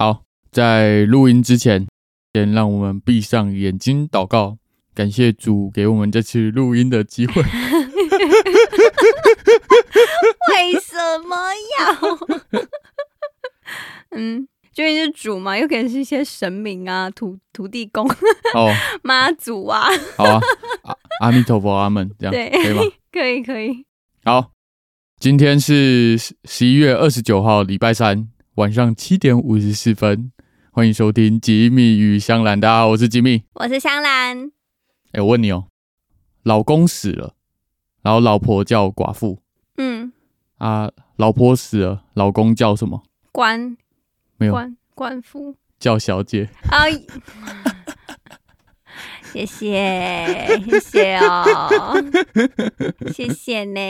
.好，在錄音之前，先讓我們閉上眼睛禱告，感謝主給我們這次錄音的機會。 為什麼要？ 嗯，就因為是主嘛，又可能是一些神明啊，土土，土地公哦，媽、 oh, 祖啊， 好啊，阿彌陀佛，阿門，這樣可以嗎？可以，可以。好，今天是十一月二十九號，禮拜三。晚上七點五十四分，歡迎收聽吉米與香蘭。大家好，我是吉米，我是香蘭。哎、欸，我問你哦，老公死了，然後老婆叫寡婦。嗯，啊，老婆死了，老公叫什麼？官。沒有，官，官夫。叫小姐。啊 謝謝，謝謝哦， 謝謝呢。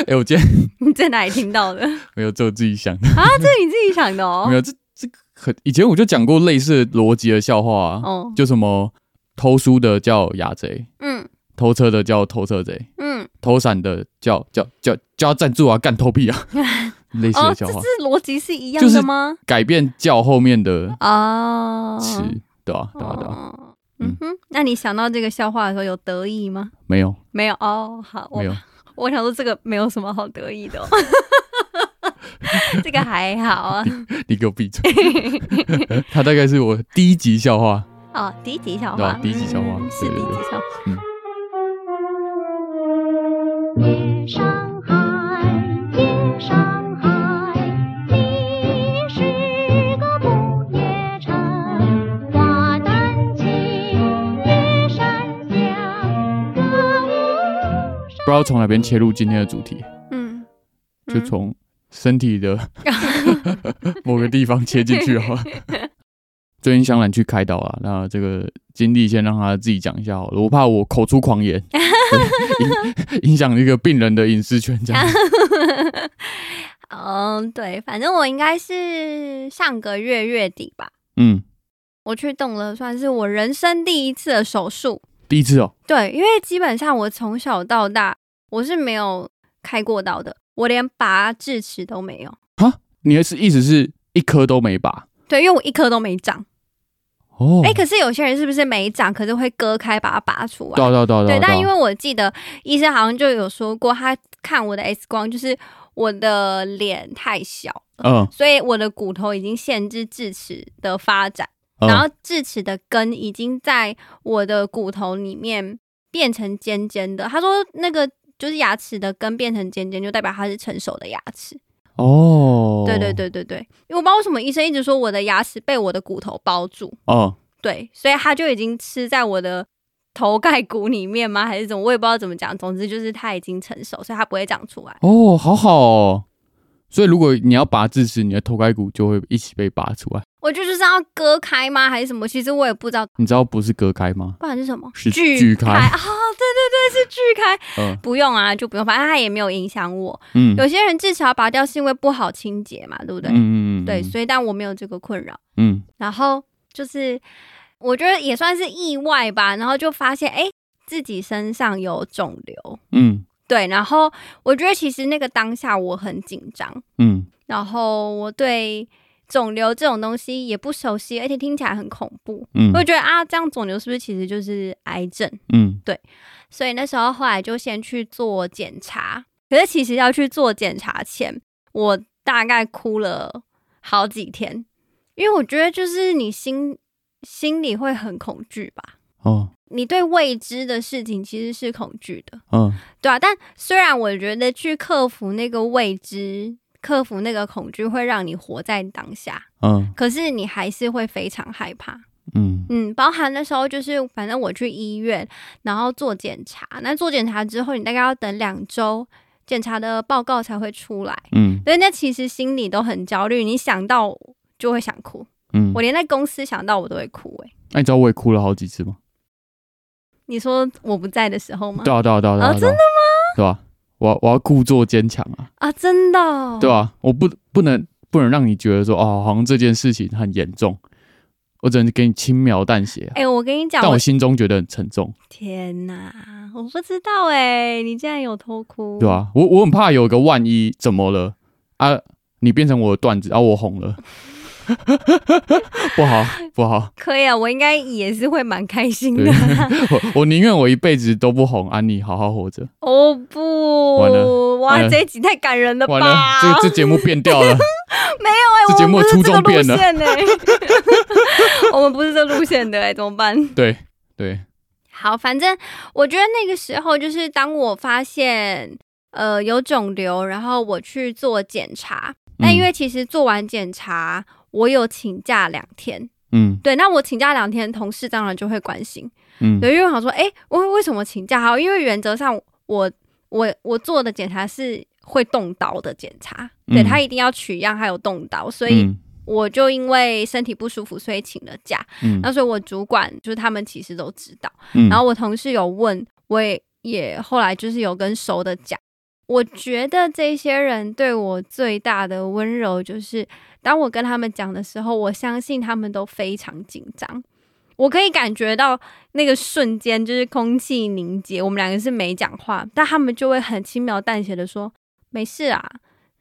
哎、欸，我今天 你在哪裡聽到的？ 沒有，是我自己想的啊，這是你自己想的哦。 沒有，這這很以前我就講過類似邏輯的笑話、啊，哦，就什麼偷書的叫雅賊，嗯，偷車的叫偷車賊，嗯，偷傘的叫叫叫叫贊助啊，干偷屁啊、嗯，類似的笑話，哦、這邏輯是一樣的嗎？就是、改變叫後面的啊詞、哦，對啊，對啊。對啊哦嗯哼，那你想到這個笑話的時候有得意嗎？沒有，沒有哦。好我，沒有。我想說這個沒有什麼好得意的、哦， 這個還好啊。 你給我閉嘴！ 他大概是我第一集笑話哦，第一集笑話，對吧？嗯、第一集笑話對對對是第一集笑話。嗯嗯不知道從哪邊切入今天的主題，嗯，嗯，就從身體的 某個地方切進去好了。 最近香蘭去開刀了，那這個經歷先讓他自己講一下好了，我怕我口出狂言， 嗯、影影響一個病人的隱私權這樣。嗯、哦，對，反正我應該是上個月月底吧。嗯，我去動了算是我人生第一次的手術。第一次哦。對，因為基本上我從小到大。我是沒有開過刀的，我連拔智齒都沒有啊！你的意思是一顆都沒拔？對，因為我一顆都沒長。哦、欸，哎，可是有些人是不是沒長，可是會割開把它拔出來？對對對對，對，對對對，但因為我記得醫生好像就有說過，他看我的 X 光，就是我的臉太小，嗯，所以我的骨頭已經限制智齒的發展，嗯、然後智齒的根已經在我的骨頭裡面變成尖尖的。他說那個。就是牙齒的根變成尖尖，就代表它是成熟的牙齒哦。Oh. 對對對對對，因為我不知道為什麼醫生一直說我的牙齒被我的骨頭包住哦。Oh. 對，所以它就已經吃在我的頭蓋骨裡面嗎？還是怎麼？我也不知道怎麼講。總之就是它已經成熟，所以它不會長出來。哦、oh，好好。所以如果你要拔智齒，你的頭蓋骨就會一起被拔出來。我就是要割開嗎，還是什麼？其實我也不知道。你知道不是割開嗎？不然是什麼？鋸開啊、 哦！對對對，是鋸開、呃。不用啊，就不用。反正它也沒有影響我。嗯，有些人至少拔掉是因為不好清潔嘛，對不對？嗯嗯，嗯，對。所以，但我沒有這個困擾。嗯。然後就是，我覺得也算是意外吧。然後就發現，哎、欸，自己身上有腫瘤。嗯，對。然後我覺得，其實那個當下我很緊張。嗯。然後我對。腫瘤這種東西也不熟悉，而且聽起來很恐怖。嗯，我覺得啊，這樣腫瘤是不是其實就是癌症？嗯，對。所以那時候後來就先去做檢查。可是其實要去做檢查前，我大概哭了好幾天，因為我覺得就是你心心裡會很恐懼吧。哦，你對未知的事情其實是恐懼的。嗯、哦，對啊。但雖然我覺得去克服那個未知。克服那個恐懼會讓你活在當下，嗯，可是你還是會非常害怕，嗯嗯，包含那時候就是，反正我去醫院，然後做檢查，那做檢查之後，你大概要等兩周，檢查的報告才會出來，嗯，所以那其實心裡都很焦慮，你想到就會想哭，嗯，我連在公司想到我都會哭、欸，哎、啊，那你知道我也哭了好幾次嗎？你說我不在的時候嗎？對啊對啊對啊對啊，啊，真的嗎？是吧、啊？我我要故作堅強啊！啊，真的、哦，對吧、啊？我不不能不能讓你覺得說，哦，好像這件事情很嚴重，我只能給你輕描淡寫、啊。哎、欸，我跟你講，但我心中覺得很沉重。天哪、啊，我不知道，哎、欸，你竟然有偷哭？對啊，我我很怕有一個萬一，怎麼了啊？你變成我的段子啊？我紅了。 不好，不好，可以啊，我應該也是會蠻開心的。我我寧願我一輩子都不紅安妮好好活着。哦、oh, 不，哇，這一集太感人了吧？了這這節目變掉了。 沒有哎、欸，這節目初衷變了呢。這個欸、 我們不是這路線的哎、欸，怎麼辦？對對，好，反正我覺得那個時候就是當我發現呃有腫瘤，然後我去做檢查，那、嗯、因為其實做完檢查。我有請假兩天，嗯，對，那我請假兩天，同事當然就會關心，嗯，對，因為我想說，哎、欸，為為什麼請假？好，因為原則上我我我做的檢查是會動刀的檢查，嗯，對，他一定要取樣還有動刀，所以我就因為身體不舒服，所以請了假。嗯，那所以我主管就是他們其實都知道，嗯，然後我同事有問，我也也後來就是有跟熟的講。我覺得這些人對我最大的溫柔，就是當我跟他們講的時候，我相信他們都非常緊張。我可以感覺到那個瞬間，就是空氣凝結，我們兩個是沒講話，但他們就會很輕描淡寫的說：“沒事啊，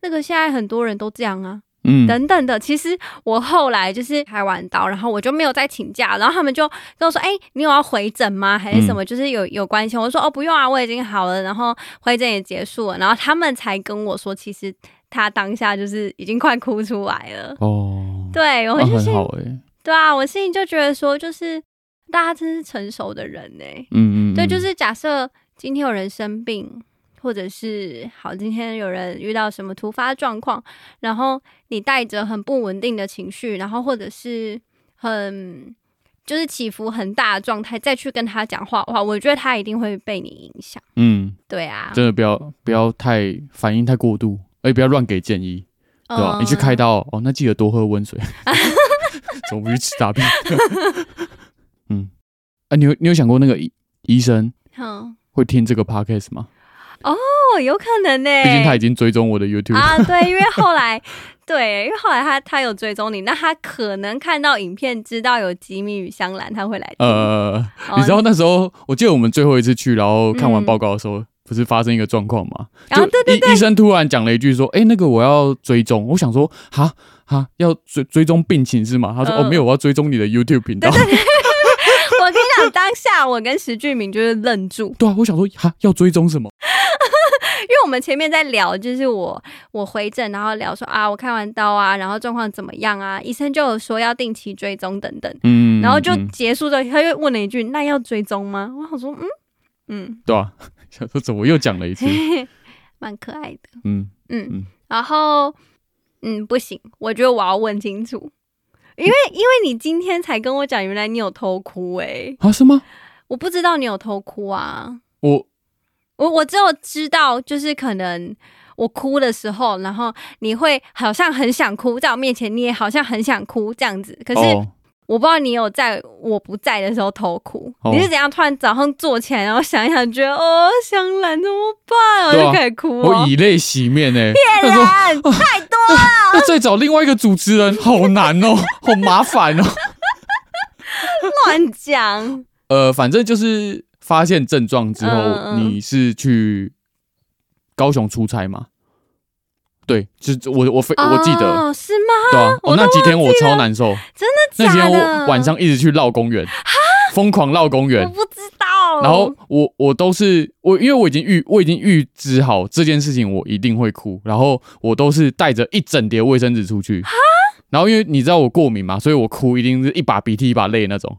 那個現在很多人都這樣啊。”嗯，等等的，其實我後來就是開完刀，然後我就沒有再請假，然後他們就跟我說：“哎、欸，你有要回診嗎？還是什麼？就是有有關係。”我說：“哦，不用啊，我已經好了。”然後回診也結束了，然後他們才跟我說，其實他當下就是已經快哭出來了。哦，對，我就是，啊欸、對啊，我心裡就覺得說，就是大家真是成熟的人呢、欸。嗯，嗯嗯，對，就是假設今天有人生病。或者是好，今天有人遇到什麼突發狀況，然後你帶着很不穩定的情緒，然後或者是很就是起伏很大的狀態再去跟他講話哇，我覺得他一定會被你影響。嗯，對啊，真的不要不要太反應太過度，哎，不要亂給建議，對、嗯、吧？你去開刀哦，那記得多喝溫水， 總不去吃大便。 嗯，啊，你有你有想過那個醫醫生會聽這個 podcast 嗎？哦，有可能呢、欸。畢竟他已經追蹤我的 YouTube 啊，對，因為後來，對，因為後來他他有追蹤你，那他可能看到影片，知道有吉米與香蘭，他會來。呃、哦，你知道那時候那，我記得我們最後一次去，然後看完報告的時候，嗯、不是發生一個狀況嗎、啊？對對對，對，醫生突然講了一句說：“哎、欸，那個我要追蹤。”我想說：“哈哈，要追追蹤病情是嗎？”他說、呃：“哦，沒有，我要追蹤你的 YouTube 頻道。對對對對”我跟你講，當下我跟石俊明就是愣住。 對啊，我想說哈，要追蹤什麼？ 因為我們前面在聊，就是我我回診，然後聊說啊，我開完刀啊，然後狀況怎麼樣啊？醫生就有說要定期追蹤等等。嗯，然後就結束之後、嗯，他又問了一句：“那要追蹤嗎？”我想說，嗯嗯，對啊。小兔子，我又講了一次，蠻 可愛的。嗯嗯嗯，然後嗯不行，我覺得我要問清楚。因為，因為你今天才跟我講，原來你有偷哭哎、欸！啊，是嗎？我不知道你有偷哭啊！我，我，我只有知道，就是可能我哭的時候，然後你會好像很想哭，在我面前你也好像很想哭這樣子，可是、oh.。我不知道你有在我不在的時候偷哭，oh. 你是怎樣突然早上坐起來，然後想一想，覺得哦香蘭怎麼辦，啊、我就開始哭、哦，我以淚洗面哎、欸，騙人、就是、太多了，那、啊、再找另外一個主持人好難哦，好麻煩哦，亂 講。呃，反正就是發現症狀之後，嗯嗯你是去高雄出差嗎？對，就我我非我記得、哦，是嗎？對啊，我、哦、那幾天我超難受，真的假的？那幾天我晚上一直去繞公園，瘋狂繞公園，我不知道。然後我我都是我，因為我已經預我已經預知好這件事情，我一定會哭。然後我都是帶着一整疊衛生紙出去，然後因為你知道我過敏嘛，所以我哭一定是一把鼻涕一把淚那種。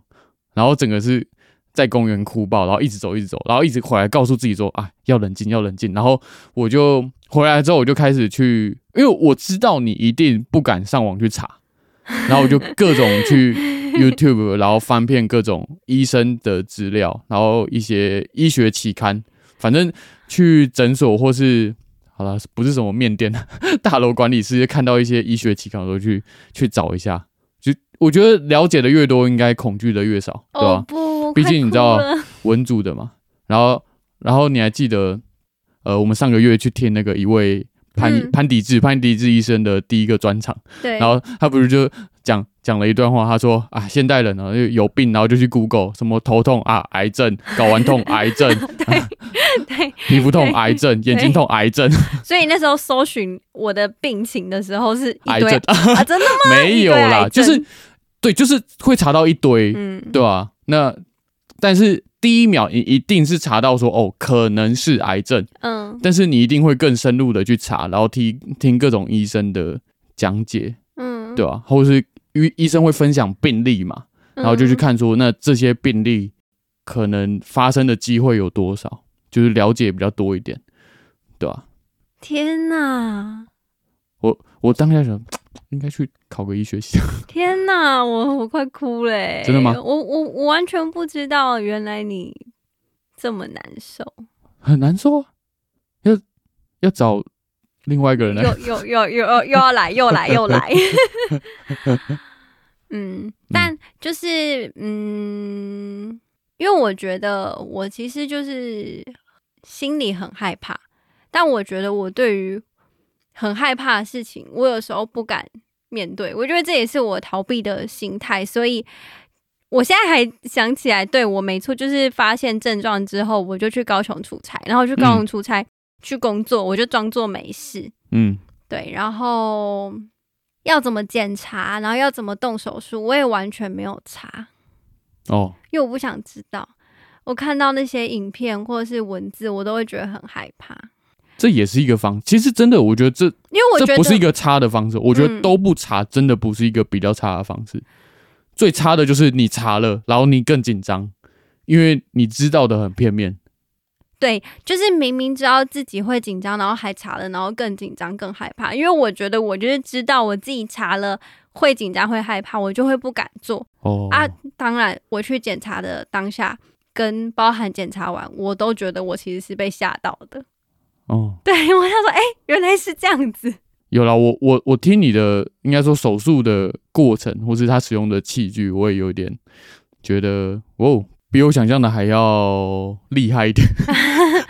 然後整個是在公園哭爆，然後一直走一直走，然後一直回來告訴自己說啊，要冷靜要冷靜。然後我就。回來之後，我就開始去，因為我知道你一定不敢上網去查， 然後我就各種去 YouTube，然後翻遍各種醫生的資料，然後一些醫學期刊，反正去診所或是好了，不是什麼麵店，大樓管理師看到一些醫學期刊我都去去找一下，就我覺得了解的越多，應該恐懼的越少，哦，對吧？畢竟你知道文組的嘛，然後，然後你還記得，呃，我們上個月去聽那個一位潘、嗯、潘迪志潘迪志醫生的第一個專場，對，然後他不是就講、嗯、講了一段話，他說啊，現代人啊，有病，然後就去 Google 什麼頭痛啊，癌症、睾丸痛、癌症 對對，對，皮膚痛、癌症、眼睛痛、癌症。所以那時候搜尋我的病情的時候是，是癌症啊，啊，真的嗎？沒有啦，就是對，就是會查到一堆，嗯，對吧、啊？那但是。第一秒，你一定是查到說哦，可能是癌症，嗯，但是你一定會更深入的去查，然後聽聽各種醫生的講解，嗯，對啊，或是醫醫生會分享病例嘛，然後就去看說那這些病例可能發生的機會有多少，就是了解比較多一點，對啊，天哪！我我當下想。應該去考個醫學系。天哪，我我快哭了。真的嗎？我我我完全不知道，原來你這麼難受，很難受，啊，要要找另外一個人來，又又又又要又要來，又來又來。又來 嗯，但就是嗯，嗯，因為我覺得我其實就是心裡很害怕，但我覺得我對於。很害怕的事情，我有時候不敢面對。我覺得這也是我逃避的心態，所以我現在還想起來，對，我沒錯，就是發現症狀之後，我就去高雄出差，然後去高雄出差，嗯、去工作，我就裝作沒事。嗯，對。然後要怎麼檢查，然後要怎麼動手術，我也完全沒有查。哦，因為我不想知道。我看到那些影片或者是文字，我都會覺得很害怕。這也是一個方，其實真的，我覺得這因為我覺得這不是一個差的方式，嗯、我覺得都不查，真的不是一個比較差的方式。最差的就是你查了，然後你更緊張，因為你知道的很片面。對，就是明明知道自己會緊張，然後還查了，然後更緊張、更害怕。因為我覺得，我就是知道我自己查了會緊張、會害怕，我就會不敢做。哦、oh. 啊，當然，我去檢查的當下跟包含檢查完，我都覺得我其實是被嚇到的。哦，對，因為他說，哎、欸，原來是這樣子。有了，我我我聽你的，應該說手術的過程，或是他使用的器具，我也有點覺得哦，比我想象的還要厲害一點，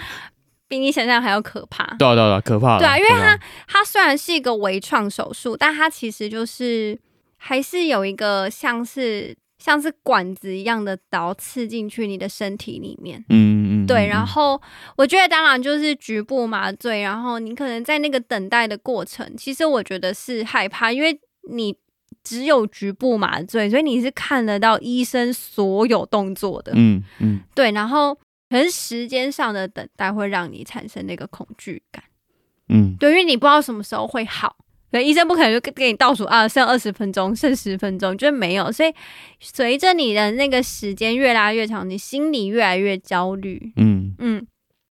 比你想象還要可怕。對啊對啊對啊，可怕對啊，因為它、啊、它雖然是一個微創手術，但它其實就是還是有一個像是像是管子一樣的刀刺進去你的身體裡面。嗯。對，然後我覺得當然就是局部麻醉，然後你可能在那個等待的過程，其實我覺得是害怕，因為你只有局部麻醉，所以你是看得到醫生所有動作的，嗯嗯，對，然後可是時間上的等待會讓你產生那個恐懼感，嗯，對，因為你不知道什麼時候會好。所以醫生不可能就給你倒數二、啊，剩二十分鐘，剩十分鐘，就沒有。所以隨着你的那個時間越拉越長，你心裡越來越焦慮。嗯嗯，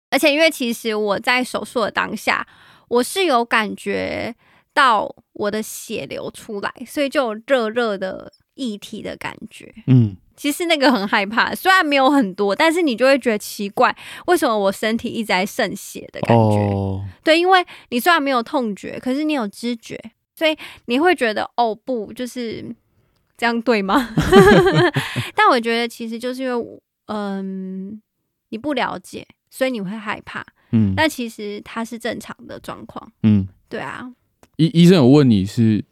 而且因為其實我在手術的當下，我是有感覺到我的血流出來，所以就熱熱的液體的感覺。嗯。其實那個很害怕，雖然沒有很多，但是你就會覺得奇怪，為什麼我身體一直在滲血的感覺？Oh. 對，因為你雖然沒有痛覺，可是你有知覺，所以你會覺得哦不，就是這樣對嗎？ 但我覺得其實就是因為嗯、呃，你不了解，所以你會害怕。嗯，但其實它是正常的狀況。嗯，對啊。醫醫生有問你是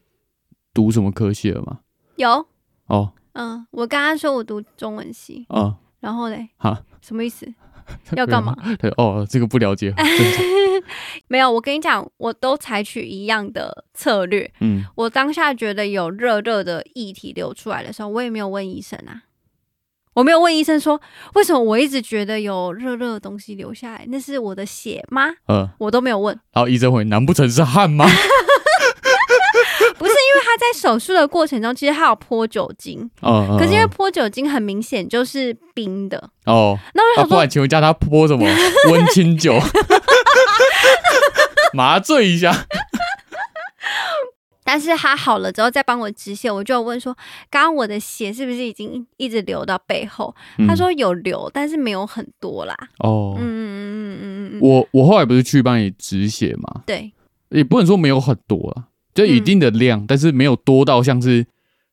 讀什麼科系了嗎？有。哦、oh.。嗯，我剛剛說我讀中文系啊、哦，然後嘞，好，什麼意思？要幹嘛？ 哦，這個不了解了。 沒有，我跟你講，我都採取一樣的策略。嗯，我當下覺得有熱熱的液體流出來的時候，我也沒有問醫生啊，我沒有問醫生說為什麼我一直覺得有熱熱的東西流下來，那是我的血嗎？嗯，我都沒有問。然後醫生會，難不成是汗嗎？ 因為他在手術的過程中，其實他有潑酒精，oh, oh, oh, oh. 可是因為潑酒精很明顯就是冰的哦。Oh, 那為什麼？不然請問叫他潑什麼溫 清酒 麻醉一下？ 但是他好了之後再幫我止血，我就問說，剛剛我的血是不是已經一直流到背後？嗯、他說有流，但是沒有很多啦。哦、oh, 嗯，嗯嗯嗯嗯嗯我我後來不是去幫你止血嗎？對，也不能說沒有很多了，啊。就一定的量、嗯，但是沒有多到像是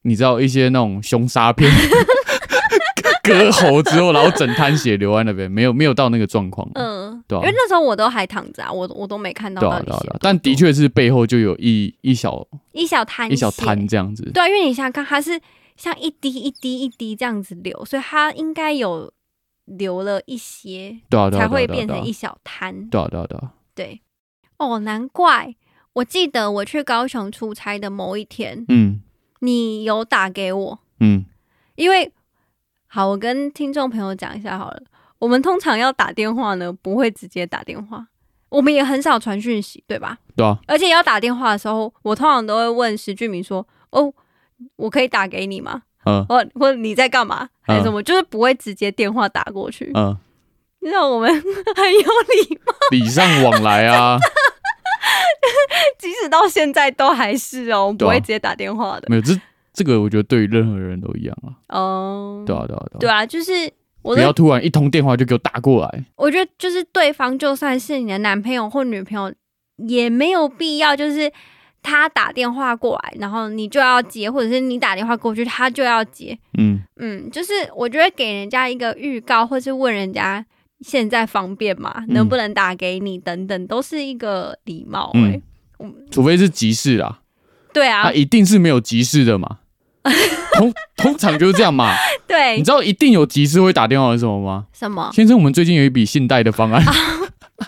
你知道一些那種兇殺片 割喉之後，然後整灘血流在那邊，沒有沒有到那個狀況。嗯、呃，對、啊，因為那時候我都還躺着、啊，我我都沒看到，到底、啊對，啊對啊，但的確是背後就有一一小一小灘一小灘這樣子。對、啊，因為你想看，它是像一滴一滴一滴這樣子流，所以它應該有流了一些對、啊。對啊，才會變成一小灘。對啊，對啊。對，啊對，啊對，啊對哦，難怪。我記得我去高雄出差的某一天，嗯，你有打給我，嗯，因為好，我跟聽眾朋友講一下好了。我們通常要打電話呢，不會直接打電話，我們也很少傳訊息，對吧？對啊。而且要打電話的時候，我通常都會問石俊明說：“哦，我可以打給你嗎？”嗯、呃，我問你在幹嘛還是什麼、呃，就是不會直接電話打過去。嗯、呃，你知道我們 很有禮禮貌，禮尚往來啊。 即使到現在都還是哦、喔，我不會直接打電話的。啊、沒有，這這個我覺得對於任何人都一樣啊。哦、uh,，啊、對啊對啊對啊。對啊，就是就不要突然一通電話就給我打過來。我覺得就是對方就算是你的男朋友或女朋友，也沒有必要就是他打電話過來，然後你就要接，或者是你打電話過去，他就要接。嗯嗯，就是我覺得給人家一個預告，或是問人家，現在方便嘛，能不能打給你？等等、嗯，都是一個禮貌哎、欸嗯。除非是急事啊。對啊，他、啊、一定是沒有急事的嘛。 通通常就是這樣嘛。 對，你知道一定有急事會打電話是什麼嗎？什麼？先生，我們最近有一筆信貸的方案， 啊、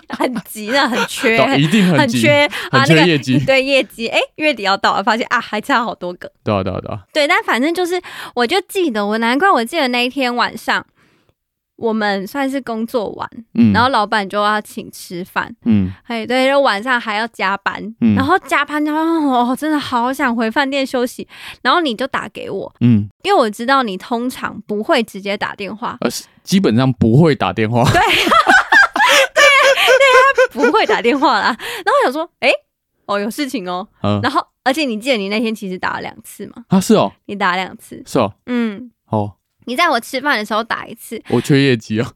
很急的，很缺，對、一定很急，很缺，很缺、啊、很缺業績。那個、對業績，哎、欸，月底要到了，我發現啊，還差好多個。對啊，對啊，對啊。對，但反正就是，我就記得，我難怪我記得那一天晚上。我們算是工作完，嗯、然後老闆就要請吃飯，嗯，嘿對，晚上還要加班，嗯、然後加班之後，哦，真的好想回飯店休息。然後你就打給我，嗯，因為我知道你通常不會直接打電話，而是，基本上不會打電話，對， 對，對，他不會打電話啦。然後我想說，哎、欸，哦，有事情哦，嗯、然後而且你記得你那天其實打了兩次嘛？啊，是哦，你打了兩次，是哦，嗯，好、哦你在我吃飯的時候打一次，我缺業績啊。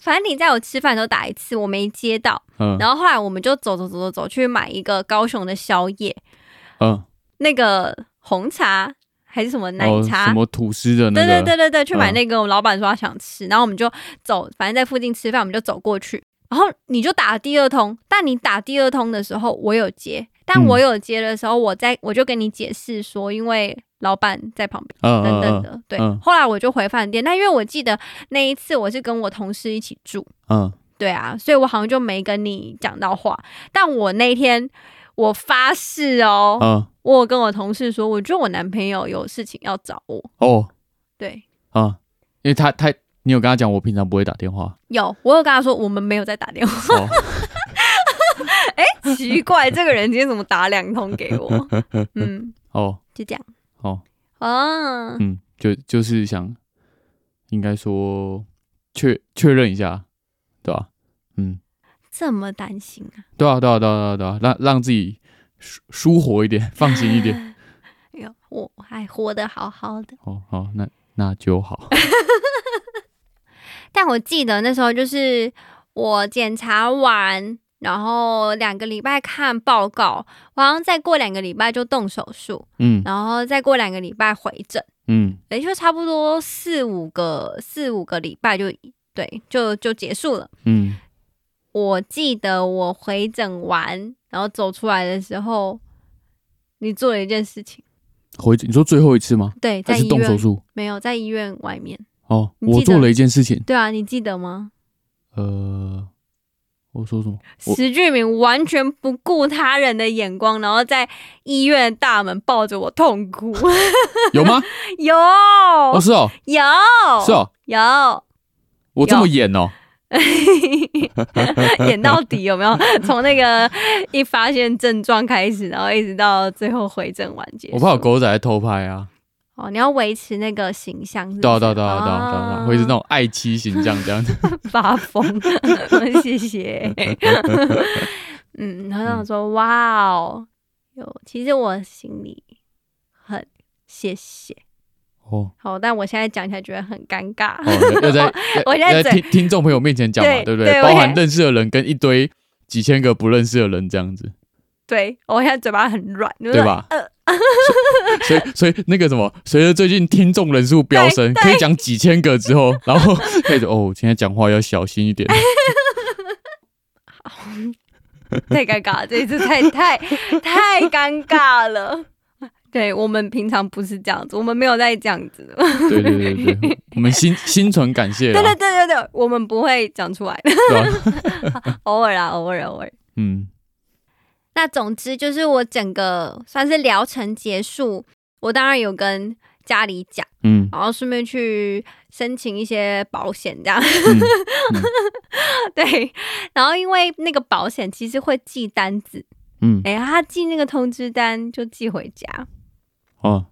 反正你在我吃飯的時候打一次，我沒接到。嗯、然後後來我們就走走走走走去買一個高雄的宵夜，嗯，那個紅茶還是什麼奶茶，哦、什麼吐司的對、那個、對對對對，去買那個。我們老板說他想吃，嗯、然後我們就走，反正在附近吃飯，我們就走過去。然後你就打第二通，但你打第二通的時候，我有接，但我有接的時候，我在我就跟你解釋說，因為。老板在旁邊、嗯，等等的，嗯、對、嗯。後來我就回飯店，但因為我記得那一次我是跟我同事一起住，嗯，對啊，所以我好像就沒跟你講到話。但我那天我發誓哦、喔嗯，我跟我同事說，我覺得我男朋友有事情要找我。哦，對，啊、嗯，因為他他，你有跟他講我平常不會打電話，有，我有跟他說我們沒有在打電話、哦。哎、 欸，奇怪， 這個人今天怎麼打兩通給我？嗯，哦，就這樣。哦，哦，嗯，就就是想，應該說確確認一下，對吧、啊？嗯，這麼擔心啊？對啊，對啊，對啊，對啊，讓、啊啊啊、讓自己舒舒活一點，放心一點。哎呦，我還活得好好的。哦，好，那那就好。 但我記得那時候，就是我檢查完。然後兩個禮拜看報告，好像再過兩個禮拜就動手術，嗯，然後再過兩個禮拜回診，嗯，也就差不多四五個四五個禮拜就對，就就結束了，嗯。我記得我回診完，然後走出來的時候，你做了一件事情。回診你說最後一次嗎？對，還是動手術？沒有，在醫院外面。哦，我做了一件事情。對啊，你記得嗎？呃。我說什麼？石俊明完全不顧他人的眼光，然後在醫院大門抱着我痛哭， 有嗎？有，哦是哦，有哦，有，我這麼演哦， 演到底有沒有？從那個一發現症狀開始，然後一直到最後回診完結，我怕有狗仔在偷拍啊。哦，你要維持那個形象是，是，對、啊、對、啊，啊、對、啊、對、啊、對、啊、對、啊，維、啊、持那種愛妻形象這樣子，發 瘋霸風， 謝謝。 嗯，很想說、嗯、哇哦，有，其實我心裡很謝謝哦。好，但我現在講起來覺得很尷尬。哦、對，要在 我，我現在，在聽聽眾朋友面前講嘛，對，對不對，對？包含認識的人跟一堆幾千個不認識的人這樣子。對，我現在嘴巴很軟，對吧？呃、所，所以所以那個什麼，隨着最近聽眾人數飆升，可以講幾千個之後，然後可以說哦，現在講話要小心一點。 太尷尬了，這一次太太太尷尬了。對，我們平常不是這樣子，我們沒有在這樣子。對對對對，我們心心存感謝。對對對對對，我們不會講出來的。偶爾啊，偶爾，偶爾。嗯。那總之就是我整個算是療程結束，我當然有跟家裡講，嗯，然後順便去申請一些保險，這樣，嗯嗯、 對，然後因為那個保險其實會寄單子，嗯，哎、欸，他寄那個通知單就寄回家，哦，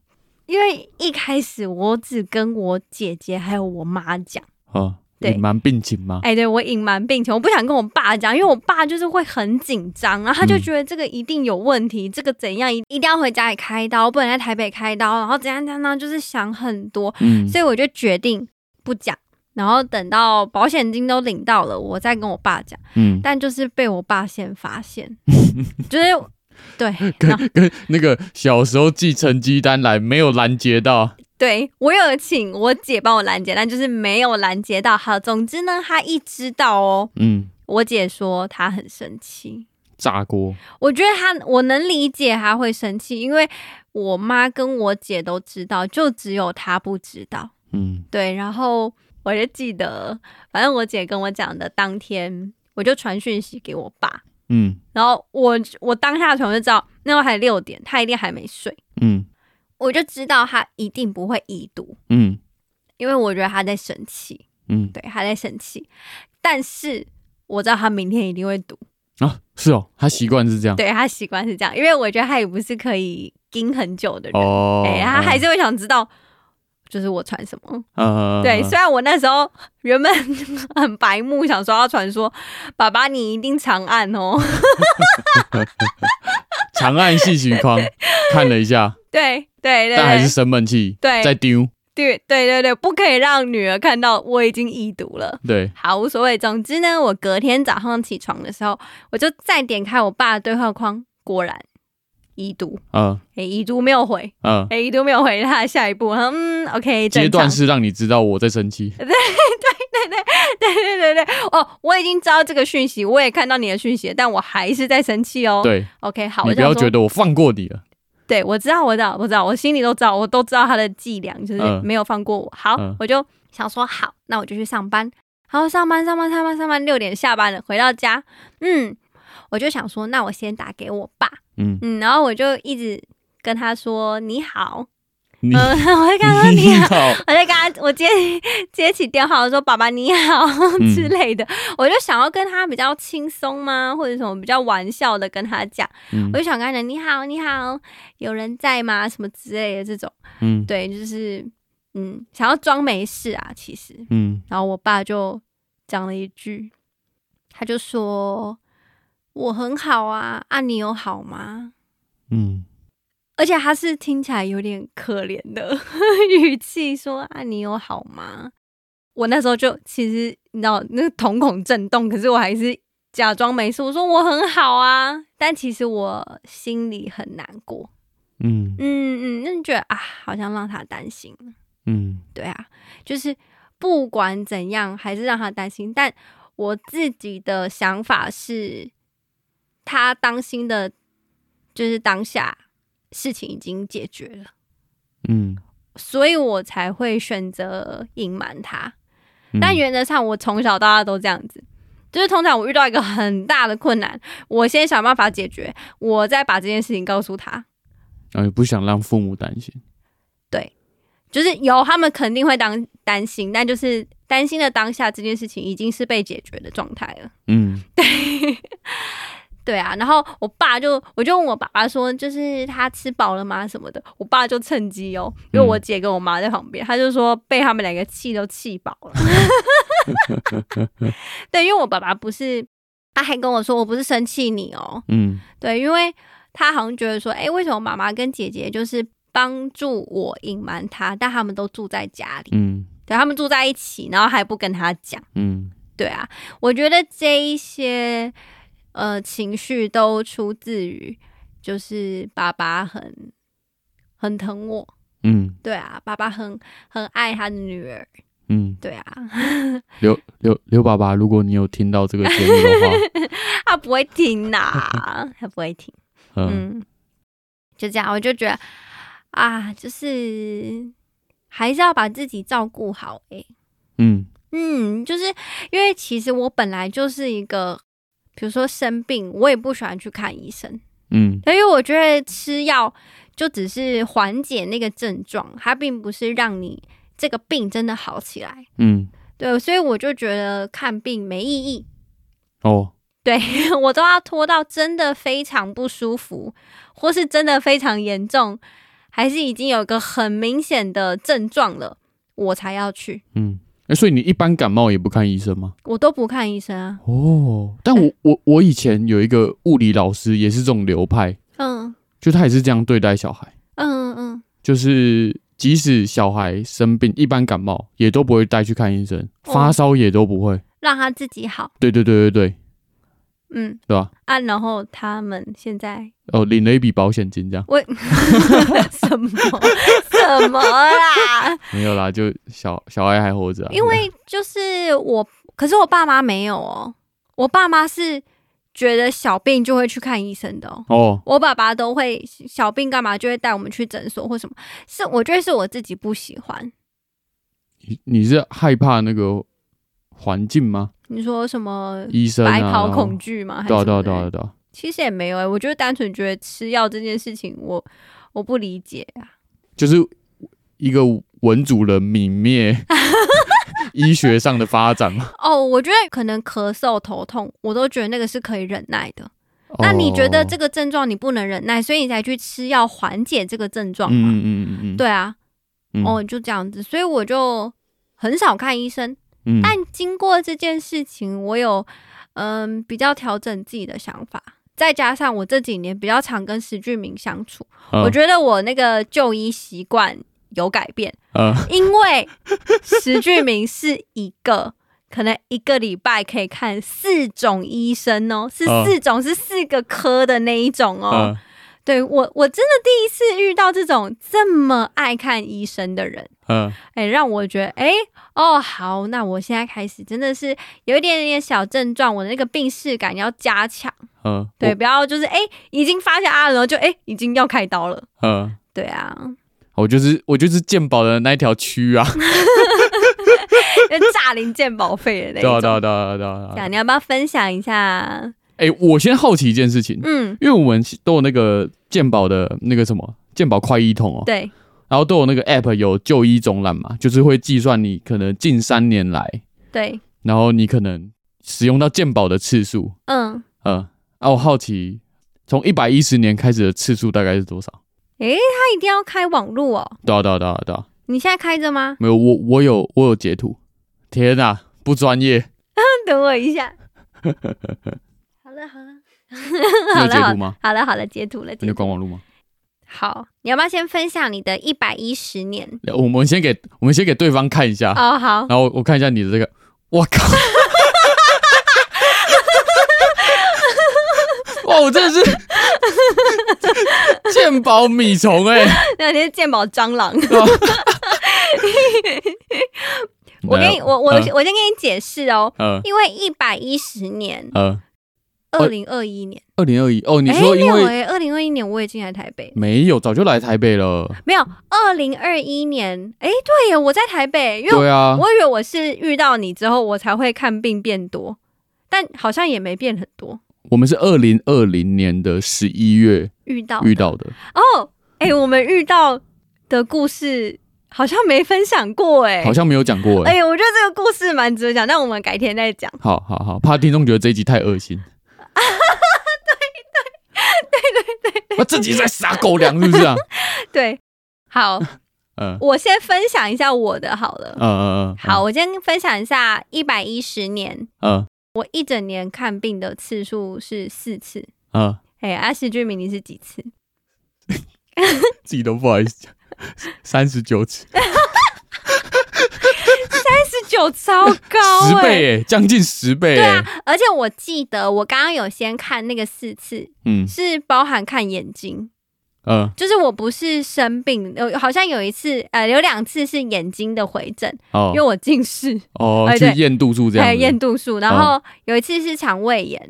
因為一開始我只跟我姐姐還有我媽講，哦隱瞞病情嗎？哎、欸，對，我隱瞞病情，我不想跟我爸講，因為我爸就是會很緊張、啊，然後他就覺得這個一定有問題，嗯、這個怎樣一一定要回家裡開刀，不能在台北開刀，然後怎樣怎樣，就是想很多、嗯，所以我就決定不講，然後等到保險金都領到了，我再跟我爸講。嗯，但就是被我爸先發現， 就是對，跟跟那個小時候寄成績單來沒有攔截到。對，我有請我姐幫我攔截，但就是沒有攔截到。好，總之呢，他一知道哦，嗯，我姐說他很生氣，炸鍋。我覺得他，我能理解他會生氣，因為我媽跟我姐都知道，就只有他不知道。嗯，對。然後我就記得，反正我姐跟我講的當天，我就傳訊息給我爸。嗯，然後我我當下傳就知道，那時候還六點，他一定還沒睡。嗯。我就知道他一定不會已讀，嗯，因為我覺得他在生氣，嗯，對，他在生氣。但是我知道他明天一定會讀。啊，是哦，他習慣是這樣，對，他習慣是這樣，因為我覺得他也不是可以盯很久的人，哦、欸，他還是會想知道，嗯、就是我傳什麼，嗯、對、嗯，雖然我那時候原本很白目，想說要傳說，爸爸你一定長按哦， 長按信息框看了一下，對。對,對,對，但還是生悶氣。對，在丟，對對對對，不可以讓女兒看到我已經已讀了。對，好，無所謂。總之呢，我隔天早上起床的時候，我就再點開我爸的對話框，果然已讀。嗯，哎、欸，已讀沒有回。嗯，哎、欸，已讀沒有回。他的下一步，嗯，OK。階段是讓你知道我在生氣。對對對對對對對,對,對,對,對,對哦，我已經知道這個訊息，我也看到你的訊息，但我還是在生氣哦。對，OK，好。你不要覺得我放過你了。對，我知道，我知道，我知道，我心裡都知道，我都知道他的伎倆，就是沒有放過我。嗯、好、嗯，我就想說，好，那我就去上班。然後上班，上班，上班，上班，六點下班了，回到家，嗯，我就想說，那我先打給我爸，嗯，嗯，然後我就一直跟他說：“你好。”嗯，我就跟他說你好， 我就跟他我接接起電話，我說，爸爸你好之類的、嗯，我就想要跟他比較輕鬆嘛，或者什麼比較玩笑的跟他講、嗯，我就想跟他講，你好，你好，有人在嗎？什麼之類的這種，嗯，對，就是嗯，想要裝沒事啊，其實，嗯，然後我爸就講了一句，他就說，我很好啊，啊，你有好嗎？嗯。而且他是聽起來有點可憐的 語氣說：“啊，你有好嗎？”我那時候就其實你知道那個瞳孔震動，可是我還是假裝沒事。我說我很好啊，但其實我心裡很難過。嗯嗯嗯，那、嗯、你、嗯、覺得啊，好像讓他擔心。嗯，對啊，就是不管怎樣，還是讓他擔心。但我自己的想法是，他擔心的，就是當下。事情已經解決了，嗯，所以我才會選擇隱瞞他。嗯。但原則上，我從小到大都這樣子，就是通常我遇到一個很大的困難，我先想辦法解決，我再把這件事情告訴他。哦。也不想讓父母擔心。對，就是有他們肯定會當擔心，但就是擔心的當下，這件事情已經是被解決的狀態了。嗯，對。 對啊，然後我爸就，我就問我爸爸說，就是他吃飽了嗎什麼的，我爸就趁機哦，因為我姐跟我媽在旁邊，嗯、他就說被他們兩個氣都氣飽了。 對，因為我爸爸不是，他還跟我說我不是生氣你哦，嗯，對，因為他好像覺得說，哎、欸，為什麼媽媽跟姐姐就是幫助我隱瞞他，但他們都住在家裡，嗯，對，他們住在一起，然後還不跟他講，嗯，對啊，我覺得這一些。呃，情緒都出自於，就是爸爸很很疼我，嗯，對啊，爸爸很很愛他的女兒，嗯，對啊。劉劉劉爸爸，如果你有聽到這個節目的話， 他不會聽吶、啊， 他不會聽，嗯。嗯，就這樣，我就覺得啊，就是還是要把自己照顧好、欸、嗯嗯，就是因為其實我本來就是一個。比如說生病，我也不喜歡去看醫生，嗯，因為我覺得吃藥就只是緩解那個症狀，它並不是讓你這個病真的好起來，嗯，對，所以我就覺得看病沒意義，哦，對我都要拖到真的非常不舒服，或是真的非常嚴重，還是已經有個很明顯的症狀了，我才要去，嗯。哎、欸，所以你一般感冒也不看醫生嗎？我都不看醫生啊。哦，但我我我以前有一個物理老師，也是這種流派。嗯，就他也是這樣對待小孩。嗯嗯嗯，就是即使小孩生病，一般感冒也都不會帶去看醫生，發燒也都不會，讓他自己好。對對對對對。嗯，對吧？啊，然後他們現在哦，領了一筆保險金，這樣為 什麼 什麼啦？ 沒有啦，就小小愛還活着啊。因為就是我，可是我爸媽沒有哦。我爸媽是覺得小病就會去看醫生的哦。哦，我爸爸都會小病幹嘛就會帶我們去診所或什麼？是我覺得是我自己不喜歡。你你你是害怕那個？環境嗎？你說什麼醫生，啊、白袍恐懼嗎？啊、對、啊、對、啊、對、啊、對、啊、其實也沒有哎、欸，我就單純覺得吃藥這件事情我，我我不理解啊。就是一個文主人泯滅 醫學上的發展嗎？ 哦，我覺得可能咳嗽、頭痛，我都覺得那個是可以忍耐的。哦、那你覺得這個症狀你不能忍耐，所以你才去吃藥緩解這個症狀嗎？嗯嗯嗯嗯，對啊、嗯，哦，就這樣子，所以我就很少看醫生。嗯、但經過這件事情，我有嗯比較調整自己的想法，再加上我這幾年比較常跟石俊明相處，嗯、我覺得我那個就醫習慣有改變。嗯、因為石俊明是一個 可能一個禮拜可以看四種醫生哦、喔，是四種、嗯、是四個科的那一種哦、喔。嗯、對，我我真的第一次遇到這種這麼愛看醫生的人。嗯、欸，哎，讓我覺得哎。欸哦、oh，好，那我現在開始真的是有一點點小症狀，我的那個病識感要加強。嗯，對，不要就是哎、欸，已經發然了，就哎、欸，已經要開刀了。嗯，對啊，我就是我就是健保的那一條蛆啊， 啊，要詐領健保費的那種。對對對對對。啊，你要不要分享一下、啊？哎、欸，我先好奇一件事情，嗯，因為我們都有那個健保的那個什麼健保快易通哦、喔。對。然後對我那個 App 有就醫總覽嘛，就是會計算你可能近三年來，對，然後你可能使用到健保的次數，嗯嗯，啊，我好奇從一百一十年開始的次數大概是多少？誒、欸，它一定要開網絡哦，對、啊、對、啊、對、啊、對、啊，你現在開着嗎？沒有，我我有我有截圖，天啊，不專業， 等我一下，好 了好了，好了 你有截圖嗎？好了好了，好了，截圖了，圖你就關網絡嗎？好，你要不要先分享你的一百一十年？我們先給，我們先給對方看一下。好、oh, 好，然後我看一下你的這個，我靠！ 哇，我真的是健保 米蟲哎、欸！那 你是健保蟑螂？ 我給你，我我我先給你解釋哦，嗯、因為一百一十年。嗯二零二一年，二零二一哦，你說因為二零二一年我也進來台北，沒有，早就來台北了，沒有。二零二一年，哎、欸，對呀，我在台北，因為對啊，我以為我是遇到你之後我才會看病變多，但好像也沒變很多。我們是二零二零年的十一月遇到遇到，遇到的哦，哎、欸，我們遇到的故事、嗯、好像沒分享過，哎，好像沒有講過，哎，哎，我覺得這個故事蠻值得講，那我們改天再講。好好好，怕聽眾覺得這一集太惡心。 我 自己在撒狗糧，是不是啊？ 對，好、呃，我先分享一下我的好了，呃、好、呃，我先分享一下一百一十年、呃，我一整年看病的次數是四次，哎 h e r 是幾次？ 自己都不好意思講，三十九次。 有糟糕，十倍，哎，將近十倍。對啊，而且我記得我剛剛有先看那個四次，嗯，是包含看眼睛，嗯，就是我不是生病，有好像有一次，呃，有兩次是眼睛的回診，哦，因為我近視，哦，哦去驗度數這樣，對、欸，驗度數。然後有一次是腸胃炎，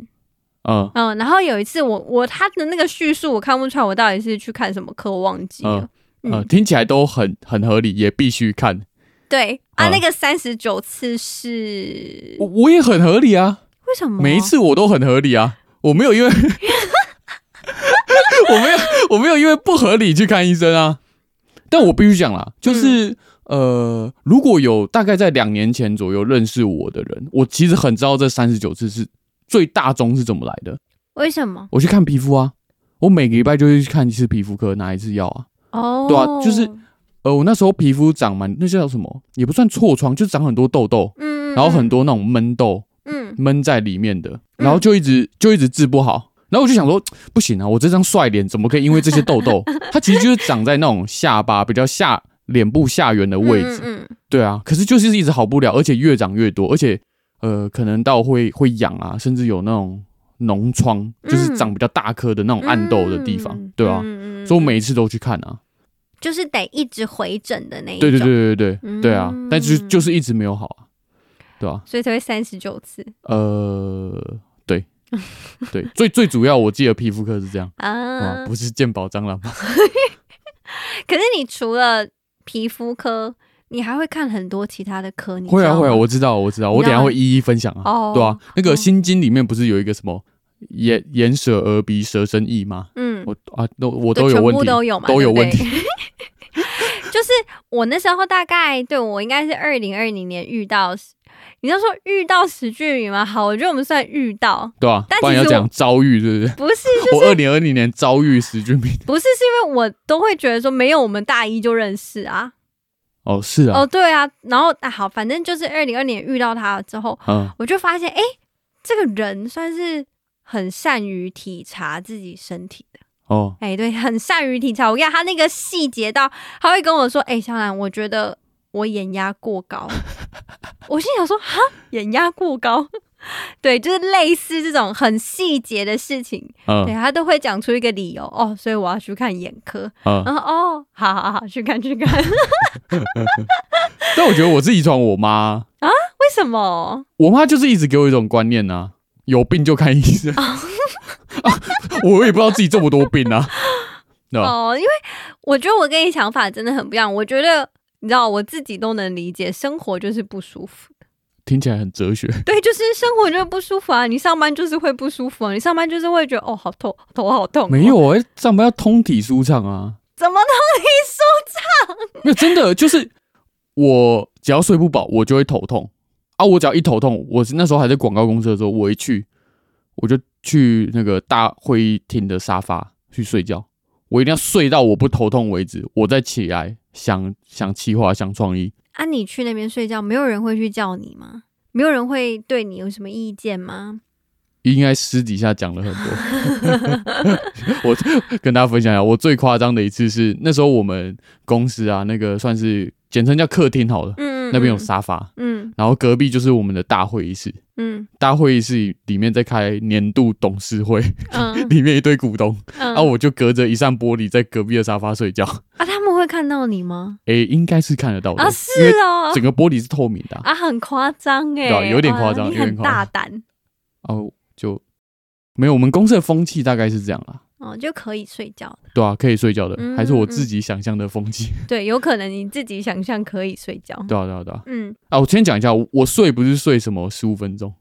嗯嗯，嗯，然後有一次我我他的那個敘述我看不出來，我到底是去看什麼科，我忘記了。嗯，聽起來都很很合理，也必須看。對啊，啊，那個三十九次是我我也很合理啊。為什麼？每一次我都很合理啊，我沒有因為 我沒有我沒有因為不合理去看醫生啊。但我必須講了、嗯，就是呃，如果有大概在兩年前左右認識我的人，我其實很知道這三十九次是最大宗是怎麼來的。為什麼？我去看皮膚啊，我每個禮拜就會去看一次皮膚科，拿一次藥啊。哦，對啊，就是。呃，我那時候皮膚長蠻，那叫什麼？也不算痤瘡，就長很多痘痘，嗯，然後很多那種悶痘，嗯，悶在裡面的，嗯，然後就一直就一直治不好。然後我就想說，不行啊，我這張帥臉怎麼可以因為這些痘痘？ 它其實就是長在那種下巴比較下臉部下緣的位置，嗯嗯。對啊。可是就是一直好不了，而且越長越多，而且呃，可能到會會癢啊，甚至有那種膿瘡，就是長比較大顆的那種暗痘的地方，嗯，對吧，啊嗯？所以我每一次都去看啊。就是得一直回診的那一種，對對對對對、嗯、對啊！但就就是一直沒有好，對啊，所以才會三十九次。呃，對 對，最最主要我記得皮膚科是這樣 啊，不是健保蟑螂。 可是你除了皮膚科，你還會看很多其他的科？你會啊會啊，我知道我知道，知道，我等一下會一,一一分享啊。哦，對啊，那個《心經》裡面不是有一個什麼？哦言言捨而鼻蛇生異嗎？嗯，我啊，都我都有問題，都有嘛，都有問題。 就是我那時候大概對，我應該是二零二零年遇到，你要說遇到史俊明嗎？好，我覺得我們算遇到。對啊，但其實我不然要講遭遇，是不是？不是、就是，我二零二零年遭遇史俊明， 不是，是因為我都會覺得說沒有，我們大一就認識啊。哦，是啊，哦，對啊。然後、啊、好，反正就是二零二零年遇到他之後，嗯、我就發現，哎、欸，這個人算是。很善於體察自己身體的哦，哎、欸、對，很善於體察。我跟他那個細節到，他會跟我說：“哎、欸，香蘭，我覺得我眼壓過高。 ”我心想說：“哈，眼壓過高？” 對，就是類似這種很細節的事情、嗯，對，他都會講出一個理由。哦，所以我要去看眼科啊、嗯。哦，好，好，好，去看，去看。 但我覺得我是遺傳我媽啊？為什麼？我媽就是一直給我一種觀念呢、啊。有病就看醫生、 啊，我也不知道自己這麼多病啊。 哦，因為我覺得我跟你想法真的很不一樣。我覺得你知道，我自己都能理解，生活就是不舒服。聽起來很哲學。對，就是生活就是不舒服啊。你上班就是會不舒服啊。你上班就是會覺得哦，好痛，頭好痛、喔。沒有啊，上班要通體舒暢啊。怎麼通體舒暢？那 真的就是我只要睡不飽，我就會頭痛。啊！我只要一頭痛，我是那時候還在廣告公司的時候，我一去我就去那個大會議廳的沙發去睡覺，我一定要睡到我不頭痛為止，我再起來想想企劃、想創意。啊！你去那邊睡覺，沒有人會去叫你嗎？沒有人會對你有什麼意見嗎？應該私底下講了很多。 我跟大家分享一下，我最誇張的一次是那時候我們公司啊，那個算是簡稱叫客廳好了。嗯。那邊有沙發，嗯，然後隔壁就是我們的大會議室，嗯，大會議室裡面在開年度董事會，嗯、 裡面一堆股東，然、嗯、後、啊、我就隔着一扇玻璃在隔壁的沙發睡覺，啊，他們會看到你嗎？誒、欸，應該是看得到的啊，是哦，整個玻璃是透明的啊，啊很誇張、欸、對、啊，有點誇張，有點大膽，哦、啊，就沒有我們公司的風氣大概是這樣啦。哦，就可以睡覺的。對啊，可以睡覺的，嗯嗯、還是我自己想象的風景。對，有可能你自己想象可以睡覺。對啊，對啊，對啊。嗯啊，我先講一下我，我睡不是睡什麼十五分鐘，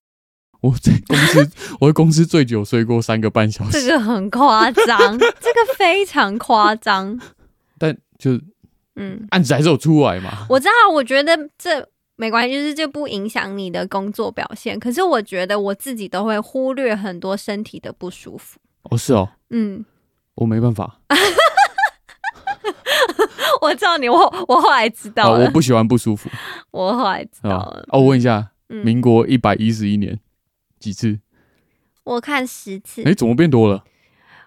我在公司 我在公司最久睡過三個半小時，這個很誇張， 這個非常誇張。 但就嗯，案子還是有出來嘛。我知道，我覺得這沒關係，就是這不影響你的工作表現。可是我覺得我自己都會忽略很多身體的不舒服。哦，是哦，嗯，我沒辦法， 我知道你，我我後來知道，我不喜歡不舒服，我後來知道了，哦，我問一下，民國一百一十一年，嗯、幾次？我看十次，哎、欸，怎麼變多了？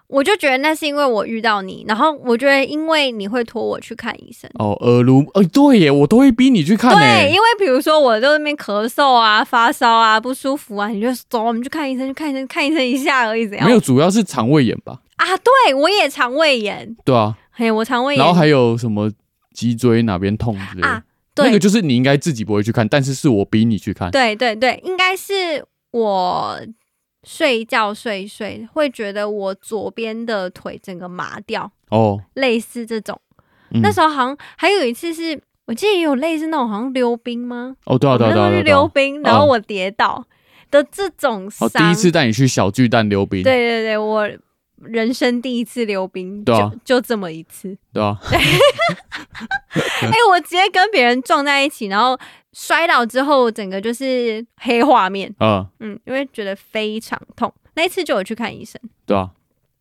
我就覺得那是因為我遇到你，然後我覺得因為你會拖我去看醫生哦，耳、oh, 濡、欸，呃對耶，我都會逼你去看，對，因為比如說我在外面咳嗽啊、發燒啊、不舒服啊，你就走，我們去看醫生，去看醫生，看醫生一下而已，怎樣？沒有，主要是腸胃炎吧？啊，對，我也腸胃炎，對啊，嘿，我腸胃炎，然後還有什麼脊椎哪邊痛之類的。啊，對。那個就是你應該自己不會去看，但是是我逼你去看，對對對，應該是我。睡一覺睡一睡，會覺得我左邊的腿整個麻掉哦，類似這種、嗯。那時候好像還有一次是，我記得也有類似那種，好像溜冰嗎？哦，對啊，對啊，對啊，對啊，對啊，對啊，溜冰，然後我跌倒的這種傷。哦，第一次帶你去小巨蛋溜冰，對對對，我人生第一次溜冰，啊、就，就這麼一次，對啊。哎、 欸，我直接跟別人撞在一起，然後。摔倒之後，整個就是黑畫面。嗯嗯，因為覺得非常痛，那一次就有去看醫生。對啊，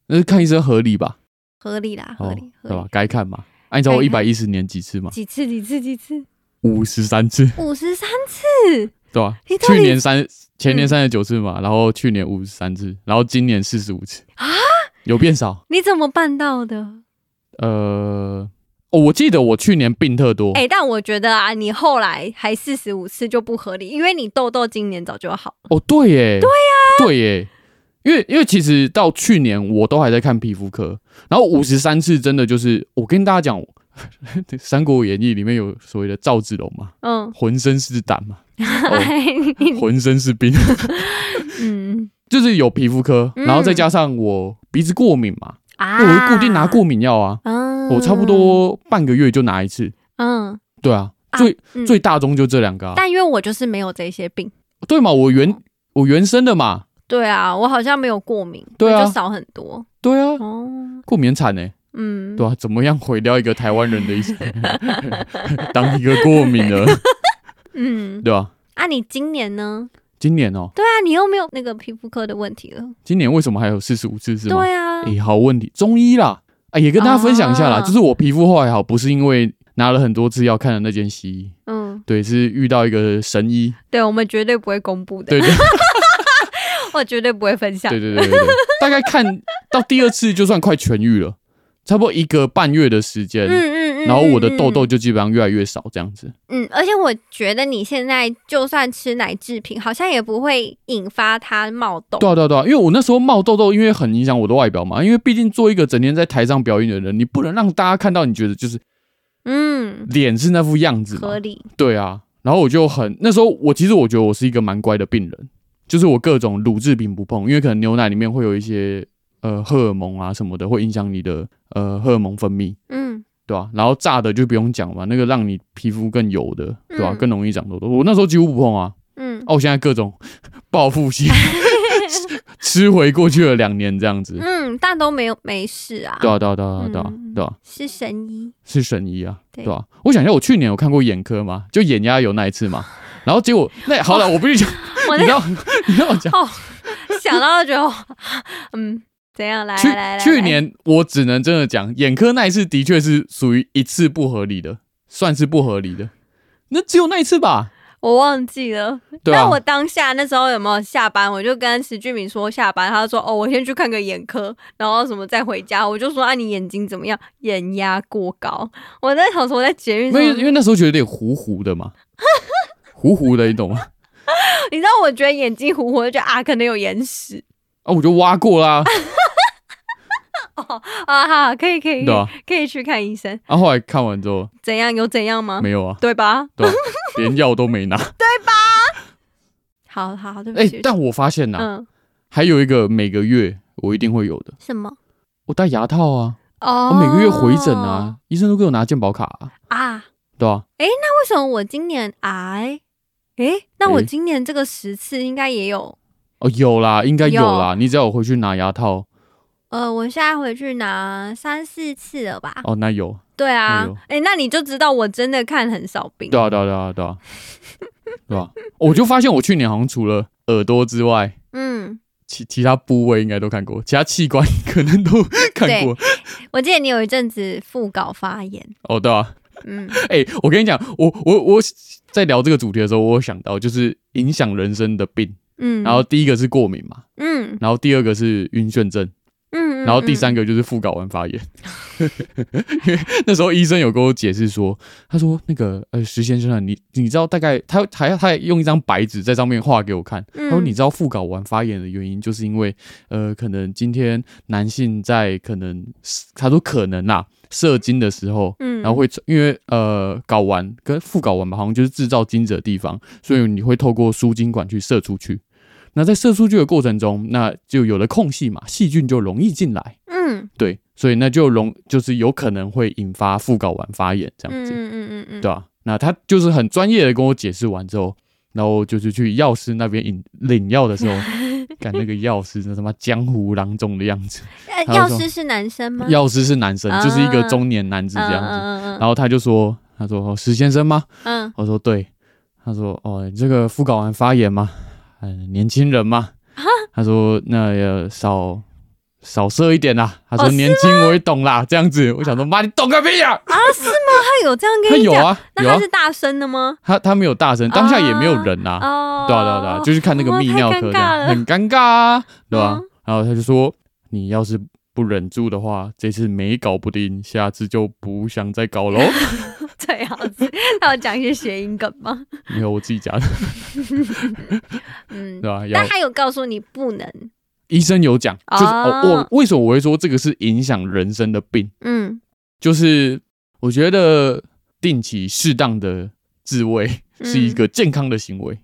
那是看醫生合理吧？合理啦，喔、合理，合理對吧？該看嘛。按、啊、照我一百一十年幾次嘛、欸欸？幾次？幾次？幾次？五十三次。五十三次？對啊，去年三，前年三十九次嘛、嗯，然後去年五十三次，然後今年四十五次啊，有變少？你怎麼辦到的？呃。哦，我記得我去年病特多，哎、欸，但我覺得啊，你後來還四十五次就不合理，因為你痘痘今年早就好了。哦，對耶，對呀、啊，對耶，因為因為其實到去年我都還在看皮膚科，然後五十三次真的就是我跟大家講，《三國演義》裡面有所謂的趙子龍嘛，嗯、哦，渾身是膽嘛， 哦、渾身是病。 嗯，就是有皮膚科，然後再加上我鼻子過敏嘛，啊、嗯，我就固定拿過敏藥啊，嗯、啊。啊我、哦、差不多半個月就拿一次，嗯，對啊，啊最、嗯、最大宗就這兩個、啊，但因為我就是沒有這些病，對嘛，我原、哦、我原生的嘛，對啊，我好像沒有過敏，對啊，就少很多，對啊，哦、過敏慘哎、欸，嗯，對啊，怎麼樣毀掉一個台灣人的意思 當一個過敏的，嗯，對啊，啊，你今年呢？今年哦、喔，對啊，你又沒有那個皮膚科的問題了，今年為什麼還有四十五次是嗎？對啊，誒、欸，好問題，中醫啦。欸、也跟大家分享一下啦，啊、就是我皮膚後來好，不是因為拿了很多次藥看的那件西醫，嗯，對，是遇到一個神醫，對，我們絕對不會公布的，對，對，對， 我絕對不會分享的，對對，對對對對，大概看到第二次就算快痊癒了。 差不多一個半月的時間，嗯嗯嗯，然後我的痘痘就基本上越來越少，這樣子。嗯，而且我覺得你現在就算吃奶製品，好像也不會引發它冒痘。對啊，對啊，對啊，因為我那時候冒痘痘，因為很影響我的外表嘛，因為畢竟做一個整天在台上表演的人，你不能讓大家看到，你覺得就是，嗯，臉是那副樣子，合理。對啊，然後我就很那時候，我其實我覺得我是一個蠻乖的病人，就是我各種乳製品不碰，因為可能牛奶裡面會有一些。呃，荷爾蒙啊什麼的會影響你的呃荷爾蒙分泌，嗯，對吧、啊？然後炸的就不用講嘛那個讓你皮膚更油的，嗯、對吧、啊？更容易長痘痘。我那時候幾乎不碰啊，嗯，哦、啊，我現在各種報復性， 吃回過去了兩年這樣子，嗯，但都沒有沒事啊。對啊，對啊，對啊，對啊，嗯、對啊,對啊，是神醫，是神醫啊，對,對啊。我想一下，我去年有看過眼科嗎？就眼壓有那一次嘛，然後結果那好了、哦，我不去講，你要你要講，哦、 想到了之後，嗯。怎樣來、啊？去來、啊、去年、啊、我只能真的講、啊，眼科那一次的確是屬於一次不合理的，算是不合理的。那只有那一次吧，我忘記了。啊、那我當下那時候有沒有下班？我就跟石俊明說下班，他說哦，我先去看個眼科，然後什麼再回家。我就說啊，你眼睛怎麼樣？眼壓過高。我在想說我在節運捷運上，因為因為那時候覺得有點糊糊的嘛， 糊糊的、啊，你懂嗎？你知道我覺得眼睛糊糊的，我就覺得啊，可能有眼屎。啊，我就挖過啦、啊 哦。哦，啊哈，可以可以，對啊，可以去看醫生。啊，後來看完之後怎樣？有怎樣嗎？沒有啊，對吧？對、啊， 連藥都沒拿，對吧？ 好好，對不起。哎、欸，但我發現吶、啊、嗯，還有一個每個月我一定會有的。什麼？我戴牙套啊。哦、oh。我每個月回診啊，醫生都給我拿健保卡啊。啊。對啊。哎、欸，那為什麼我今年癌？哎、欸，那我今年這個十次應該也有。哦，有啦，應該有啦有。你只要我回去拿牙套，呃，我現在回去拿三四次了吧？哦，那有，對啊，哎、欸，那你就知道我真的看很少病，對啊，對啊，對啊，對啊，吧、啊？ 我就發現我去年好像除了耳朵之外，嗯，其其他部位應該都看過，其他器官可能都看過。 我記得你有一陣子副稿發炎，哦，對啊，嗯，哎、欸，我跟你講，我我我在聊這個主題的時候，我有想到就是影響人生的病。然後第一個是過敏嘛，嗯，然後第二個是暈眩症，嗯，然後第三個就是附睾丸發炎， 因為那時候醫生有跟我解釋說，他說那個呃石先生，你你知道大概他還要他，他用一張白紙在上面畫給我看，他說你知道附睾丸發炎的原因，就是因為呃可能今天男性在可能他說可能吶、啊、射精的時候，嗯，然後會因為呃睾丸跟附睾丸嘛，好像就是製造精子的地方，所以你會透過輸精管去射出去。那在射出去的過程中，那就有了空隙嘛，細菌就容易進來。嗯，對，所以那就容就是有可能會引發副睾丸發炎這樣子，嗯嗯嗯嗯，對吧、啊？那他就是很專業的跟我解釋完之後，然後就是去藥師那邊領領藥的時候，感 覺那個藥師那什麼江湖郎中的樣子。藥、嗯、師是男生嗎？藥師是男生，就是一個中年男子這樣子。嗯嗯、然後他就說：“他說石先生嗎？嗯，我說對。他說哦，你這個副睾丸發炎嗎？”嗯，年輕人嘛，他說那要、呃、少少射一點啦、啊。他說、哦、年輕我也懂啦，這樣子，我想說媽、啊，你懂個屁呀、啊！啊，是嗎？他有這樣跟你講、啊？他有啊，那他是大聲的嗎？他他沒有大聲，當下也沒有人啊，uh, uh, 對吧、啊？對吧、啊啊啊？就是看那個泌尿科的，很尷尬，啊。對吧、啊？然後他就說，你要是。不忍住的話，這次沒搞不定，下次就不想再搞嘍。 最好是，那還要講一些諧音梗嗎？沒有，我自己講的。 嗯， 啊、但他有告訴你不能。醫生有講，就是、oh, 哦、我為什麼我會說這個是影響人生的病？嗯，就是我覺得定期適當的自慰是一個健康的行為。嗯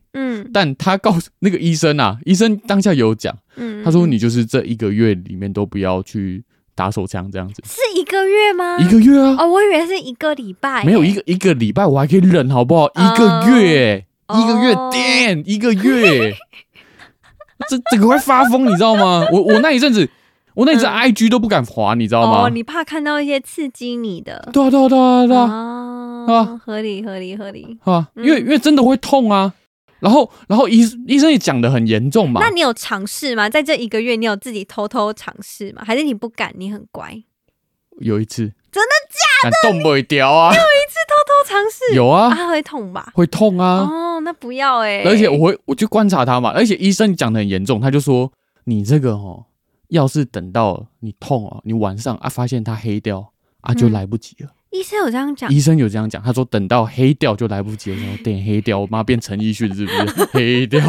但他告訴那個醫生啊，醫生當下有講、嗯，他說你就是這一個月裡面都不要去打手槍這樣子，是一個月嗎？一個月啊！哦，我以為是一個禮拜、欸，沒有一個一個禮拜我還可以忍，好不好、呃？一個月，一個月，天，一個月，呃、Damn, 一個月呵呵這整個會發瘋、 呃，你知道嗎？我我那一陣子，我那一陣 I G 都不敢滑，你知道嗎？你怕看到一些刺激你的，對啊，對啊，對啊，對、哦、啊，對啊，合理，合理，合理，啊，嗯、因為因為真的會痛啊。然後，然後醫醫生也講得很嚴重嘛。那你有嘗試嗎？在這一個月，你有自己偷偷嘗試嗎？還是你不敢？你很乖。有一次，真的假的？敢動不會掉啊！有一次偷偷嘗試，有啊，啊會痛吧？會痛啊！哦，那不要哎、欸。而且我會，我去觀察他嘛。而且醫生講得很嚴重，他就說你這個哦，要是等到你痛啊，你晚上啊發現它黑掉啊，就來不及了。嗯醫生有這樣講，醫生有這樣講，他說等到黑掉就來不及了。然後點黑掉，我媽變陳奕迅是不是？ 黑掉。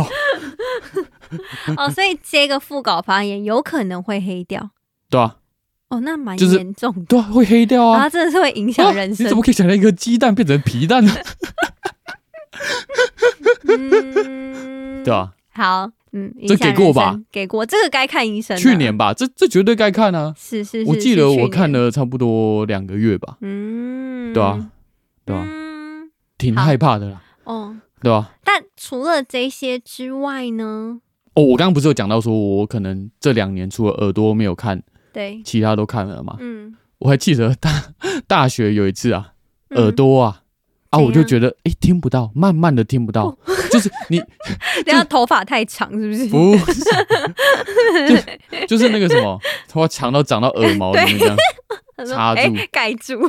哦，所以接個副稿發言有可能會黑掉。對啊。哦，那蠻嚴重的，就是。對啊，會黑掉啊。它真的是會影響人生，啊。你怎麼可以想到一個雞蛋變成皮蛋呢， 嗯？對啊。好。嗯，這給過吧？給過，這個該看醫生了。去年吧，這這絕對該看啊！是是，是，我記得我看了差不多兩個月吧。嗯，對啊，對啊，嗯、挺害怕的啦。啦。哦，對啊。但除了這些之外呢？哦，我剛剛不是有講到說，我可能這兩年除了耳朵沒有看，對，其他都看了嘛。嗯，我還記得大大學有一次啊，嗯、耳朵啊。啊，我就覺得哎、欸，聽不到，慢慢的聽不到，哦、就是你，就是、等下頭髮太長是不是？不，是 就,就是那個什麼，頭髮長到長到耳毛裡面這樣，插住蓋、欸、住，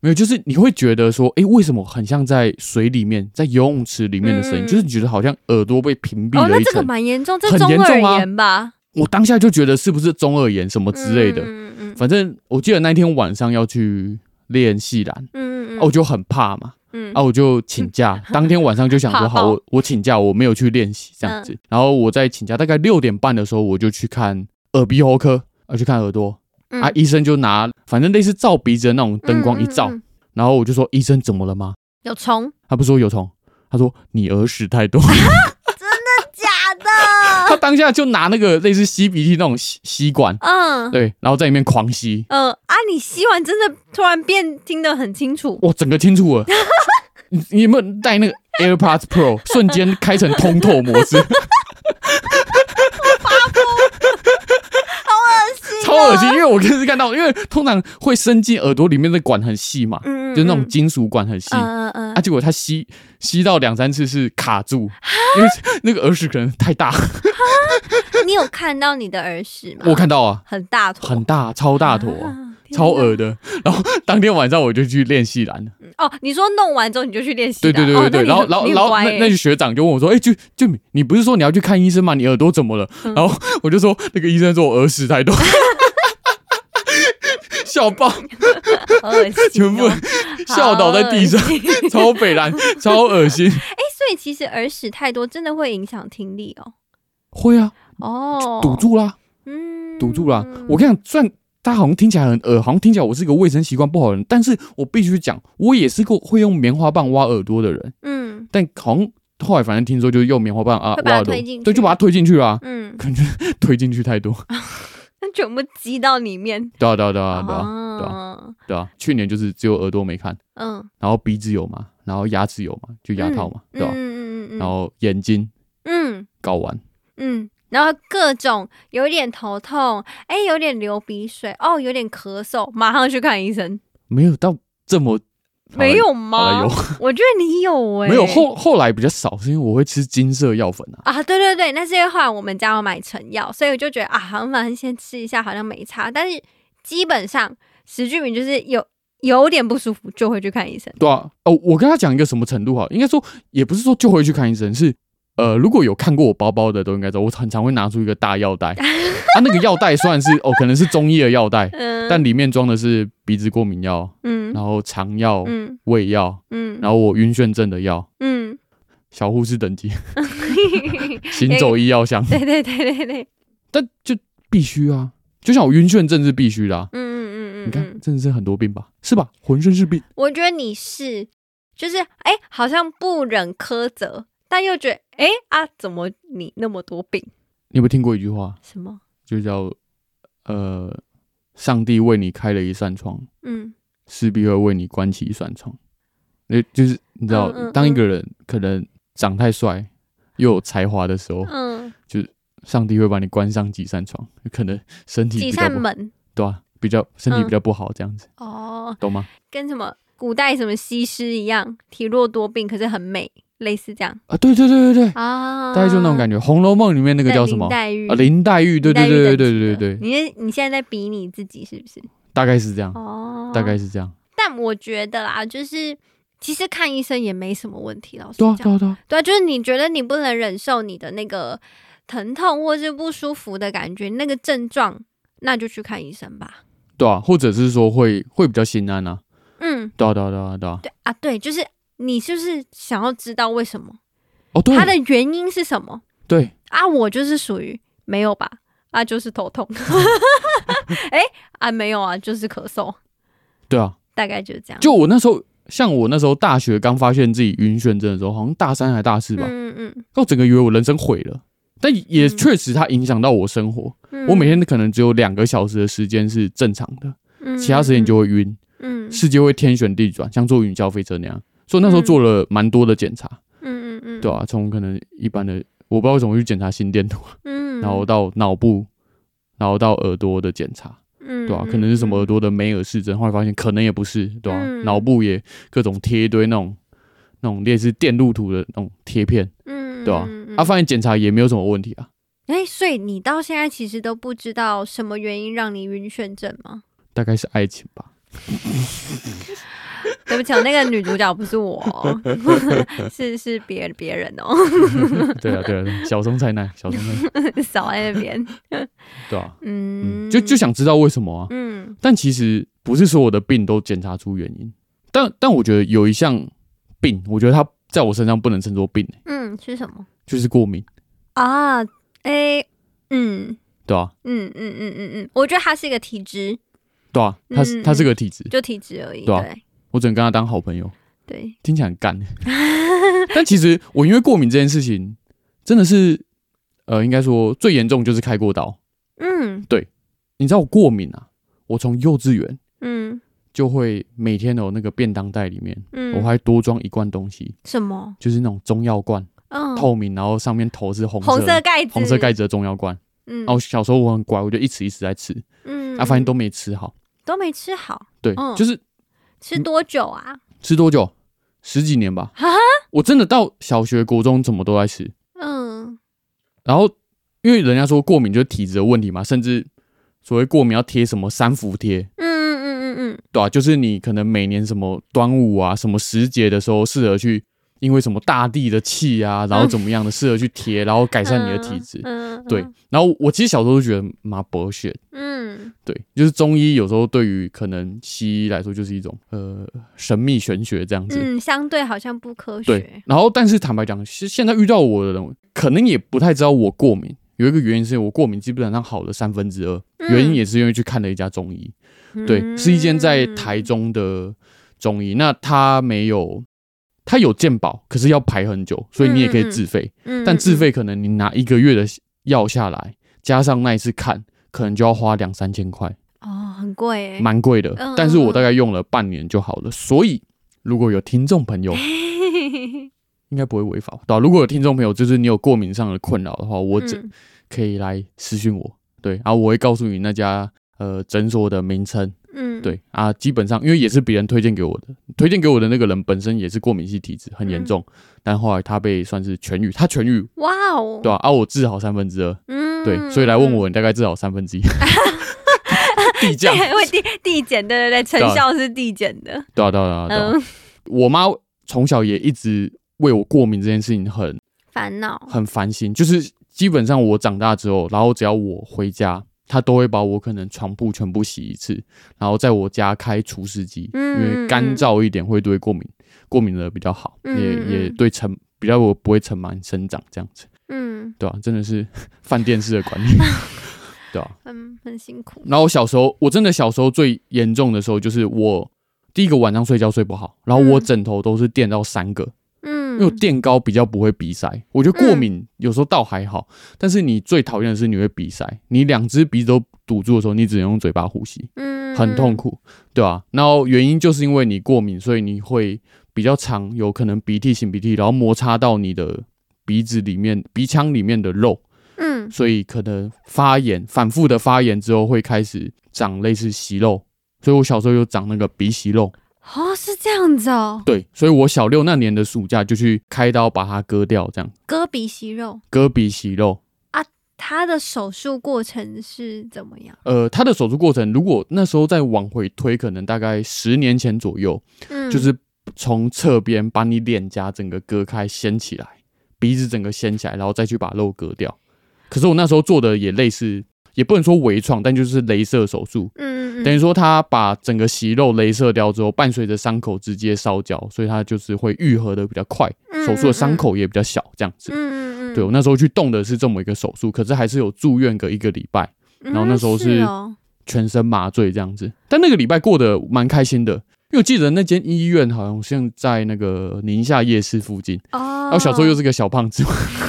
沒有，就是你會覺得說，哎、欸，為什麼很像在水裡面，在游泳池裡面的聲音、嗯，就是你覺得好像耳朵被屏蔽了一。哦，那這個蠻嚴重，這吧很嚴重啊，我當下就覺得是不是中耳炎什麼之類的，嗯、反正我記得那天晚上要去練習嗯。啊、我就很怕嘛，嗯，啊，我就請假、嗯，當天晚上就想說好，我我請假，我沒有去練習這樣子，嗯、然後我在請假，大概六點半的時候，我就去看耳鼻喉科，啊，去看耳朵，嗯、啊，醫生就拿反正類似照鼻子的那種燈光一照，嗯嗯嗯、然後我就說，醫生，怎麼了嗎？有蟲？他不說有蟲，他說你耳屎太多。啊他當下就拿那個類似吸鼻涕那種吸吸管，嗯，對，然後在裡面狂吸，嗯、呃、啊，你吸完真的突然變聽得很清楚，哇，整個清楚了， 你，你有沒有帶那個 AirPods Pro，瞬間開成通透模式？ 耳屎，因為我就是看到，因為通常會伸進耳朵裡面的管很細嘛，嗯嗯，就是那種金屬管很細，嗯嗯，啊，結果他吸吸到兩三次是卡住，因為那個耳屎可能太大。 你有看到你的耳屎嗎？我看到啊，很大坨，很大，超大坨，啊啊，超耳的。然後當天晚上我就去練習籃哦，你說弄完之後你就去練習籃？對對對對對，對，哦。然後然後，欸，然後那那個學長就問我說：“哎，欸，就就你不是說你要去看醫生嗎？你耳朵怎麼了？”嗯，然後我就說：“那個醫生說我耳屎太多。 ”笑爆，全部笑倒在地上，超北藍，超噁心。哎，所以其實耳屎太多，真的會影響聽力哦。會啊，哦，堵住啦，嗯，堵住啦，嗯。我跟你講，雖然大家好像聽起來很耳，好像聽起來我是一個衛生習慣不好的人，但是我必須講，我也是個會用棉花棒挖耳朵的人。嗯，但好像後來反正聽說就是用棉花棒啊挖耳朵，對，就把它推進去啦，嗯，感覺推進去太多，嗯。全部擠到裡面 對、啊，對啊對啊對啊對啊對啊,對啊去年就是只有耳朵沒看，嗯，然後鼻子有嘛，然後牙齒有嘛，就牙套嘛，對吧、啊？嗯嗯嗯，然後眼睛，嗯，搞完，嗯，然後各種有點頭痛，哎，有點流鼻水，哦，有點咳嗽，馬上去看醫生。沒有到這麼。沒有嗎？有， 我覺得你有誒、欸。沒有，後後來比較少，是因為我會吃金色藥粉啊。啊，對對對，那是因為後來我們家要買成藥，所以我就覺得啊，反正先吃一下，好像沒差。但是基本上，石俊明就是有有點不舒服，就會去看醫生。對啊，哦，我跟他講一個什麼程度哈？應該說也不是說就會去看醫生，是。呃，如果有看過我包包的，都應該知道我很常會拿出一個大藥袋。 啊，那個藥袋雖然是哦，可能是中醫的藥袋，嗯，但裡面裝的是鼻子過敏藥，嗯，然後腸藥，嗯，胃藥，嗯，然後我暈眩症的藥，嗯，小護士等級，嗯、 行走醫藥箱、欸，對對對對對。但就必須啊，就像我暈眩症是必須的、啊，嗯嗯嗯嗯，你看，真的是很多病吧，是吧？渾身是病。我覺得你是，就是哎、欸，好像不忍苛責，但又覺得。哎啊！怎麼你那麼多病？你有沒有聽過一句話？什麼？就叫呃，上帝為你開了一扇窗，嗯，勢必會為你關起一扇窗。那就是你知道嗯嗯嗯，當一個人可能長太帥、嗯、又有才華的時候，嗯，就是上帝會把你關上幾扇窗，可能身體比較幾扇門，對啊，比較身體比較不好這樣子。嗯、哦，懂嗎？跟什麼古代什麼西施一樣，體弱多病，可是很美。類似這樣啊，對對對對對啊，大概就那種感覺，《紅樓夢》裡面那個叫什麼黛玉啊，林黛玉，對對對對對對對，對，對，對，對。你你現在在比你自己是不是？大概是這樣哦，大概是這樣。但我覺得啊，就是其實看醫生也沒什麼問題，老實講，對啊對啊對，啊對，啊對啊，就是你覺得你不能忍受你的那個疼痛或是不舒服的感覺，那個症狀，那就去看醫生吧。對啊，或者是說會會比較心安啊。嗯，對啊對啊對啊對啊。對啊，對，啊，對，啊對，就是。你是不是想要知道為什麼？哦，對，它的原因是什麼？對啊，我就是屬於沒有吧，啊，就是頭痛。哎、 欸，啊，沒有啊，就是咳嗽。對啊，大概就是這樣。就我那時候，像我那時候大學剛發現自己暈眩症的時候，好像大三還大四吧，嗯嗯嗯，我整個以為我人生毀了，但也確實它影響到我生活、嗯。我每天可能只有兩個小時的時間是正常的，嗯、其他時間就會暈，嗯，世界會天旋地轉，像坐雲霄飛車那樣。所以那時候做了蠻多的檢查，嗯嗯嗯，對啊，從可能一般的，我不知道為什麼去檢查心電圖，嗯， 然後到腦部，然後到耳朵的檢查，嗯，對啊，可能是什麼耳朵的梅爾氏症，後來發現可能也不是，對吧、啊？腦、嗯、部也各種貼一堆那種那種類似電路圖的那種貼片，嗯，對啊，他、嗯啊、發現檢查也沒有什麼問題啊。哎、欸，所以你到現在其實都不知道什麼原因讓你暈眩症嗎？大概是愛情吧。 對不起，那個女主角不是我， 是是別別人哦、喔。 對啊，對啊，小松菜奈，小松菜奈， 少在那邊。對啊，嗯，嗯就就想知道為什麼啊？嗯，但其實不是所有的病都檢查出原因，但但我覺得有一項病，我覺得它在我身上不能稱作病、欸。嗯，是什麼？就是過敏啊？哎，嗯，對啊，嗯嗯嗯嗯嗯，我覺得它是一個體質。對啊，他、嗯、他這個體質就體質而已。對啊，對，我只能跟他當好朋友。對，聽起來很乾， 但其實我因為過敏這件事情，真的是，呃，應該說最嚴重就是開過刀。嗯，對，你知道我過敏啊，我從幼稚園，嗯，就會每天有那個便當袋裡面，嗯，我還多裝一罐東西。什、嗯、麼？就是那種中藥罐，嗯，透明，然後上面頭是紅色紅色蓋子，紅色蓋子的中藥罐。嗯，然後我小時候我很乖，我就一吃一吃在吃，嗯，啊，發現都沒吃好。都沒吃好，對，嗯、就是吃多久啊？吃多久？十幾年吧。哈哈，我真的到小學、國中，怎麼都在吃。嗯，然後因為人家說過敏就是體質的問題嘛，甚至所謂過敏要貼什麼三伏貼。嗯嗯嗯嗯嗯，對啊，就是你可能每年什麼端午啊，什麼時節的時候，適合去。因為什麼大地的氣啊，然後怎麼樣的、嗯、適合去貼，然後改善你的體質、嗯嗯。對，然後我其實小時候都覺得蠻博學。嗯，對，就是中醫有時候對於可能西醫來說就是一種呃神秘玄學這樣子。嗯，相對好像不科學。對，然後但是坦白講，其實現在遇到我的人可能也不太知道我過敏。有一個原因是我過敏基本上好了三分之二，原因也是因為去看了一家中醫。嗯、對，是一間在台中的中醫，嗯、那他沒有。他有健保，可是要排很久，所以你也可以自費、嗯。但自費可能你拿一個月的藥下來、嗯，加上那一次看，可能就要花兩三千塊。哦，很貴，蠻貴的。但是我大概用了半年就好了。嗯、所以如果有聽眾朋友，應該不會違法，對吧？如果有聽眾朋友， 啊、朋友就是你有過敏上的困擾的話，我只、嗯、可以來私訊我，對，然後我會告訴你那家呃診所的名稱。嗯對，對啊，基本上因為也是別人推薦給我的，推薦給我的那個人本身也是過敏性體質，很嚴重，嗯、但後來他被算是痊癒，他痊癒，哇哦，對啊，啊我治好三分之二，嗯，對，所以來問我你大概治好三分之一，遞降，因為遞遞減，對對對，對啊、成效是遞減的，對啊對啊對，啊對，啊對啊、嗯、我媽從小也一直為我過敏這件事情很煩惱，很煩心，就是基本上我長大之後，然後只要我回家。他都會把我可能床鋪全部洗一次，然後在我家開除濕機，因為乾燥一點會對過敏，嗯、過敏的比較好，嗯、也也對塵比較我不會塵蟎生長這樣子。嗯，對吧、啊？真的是飯 店式的管理， 對啊，很、嗯、很辛苦。然後我小時候我真的小時候最嚴重的時候就是我第一個晚上睡覺睡不好，然後我枕頭都是墊到三個。嗯因為墊高比較不會鼻塞，我覺得過敏有時候倒還好，嗯、但是你最討厭的是你會鼻塞，你兩隻鼻子都堵住的時候，你只能用嘴巴呼吸，嗯，很痛苦，對吧、啊？然後原因就是因為你過敏，所以你會比較常有可能鼻涕、擤鼻涕，然後摩擦到你的鼻子裡面、鼻腔裡面的肉，嗯，所以可能發炎，反覆的發炎之後會開始長類似息肉，所以我小時候有長那個鼻息肉。哦，是這樣子哦。對，所以我小六那年的暑假就去開刀把它割掉，這樣。割鼻息肉。割鼻息肉啊？他的手術過程是怎麼樣？呃，他的手術過程，如果那時候再往回推，可能大概十年前左右，嗯，就是從側邊把你臉頰整個割開，掀起來，鼻子整個掀起來，然後再去把肉割掉。可是我那時候做的也類似，也不能說微創，但就是鐳射手術，嗯，等於說他把整個息肉鐳射掉之後，伴隨着傷口直接燒焦，所以他就是會愈合得比較快，手術的傷口也比較小，這樣子。嗯嗯、對，我那時候去動的是這麼一個手術，可是還是有住院個一個禮拜，然後那時候是全身麻醉這樣子，嗯哦、但那個禮拜過得蠻開心的，因為我記得那間醫院好像在那個寧夏夜市附近，然、哦、後、啊、我小時候又是個小胖子。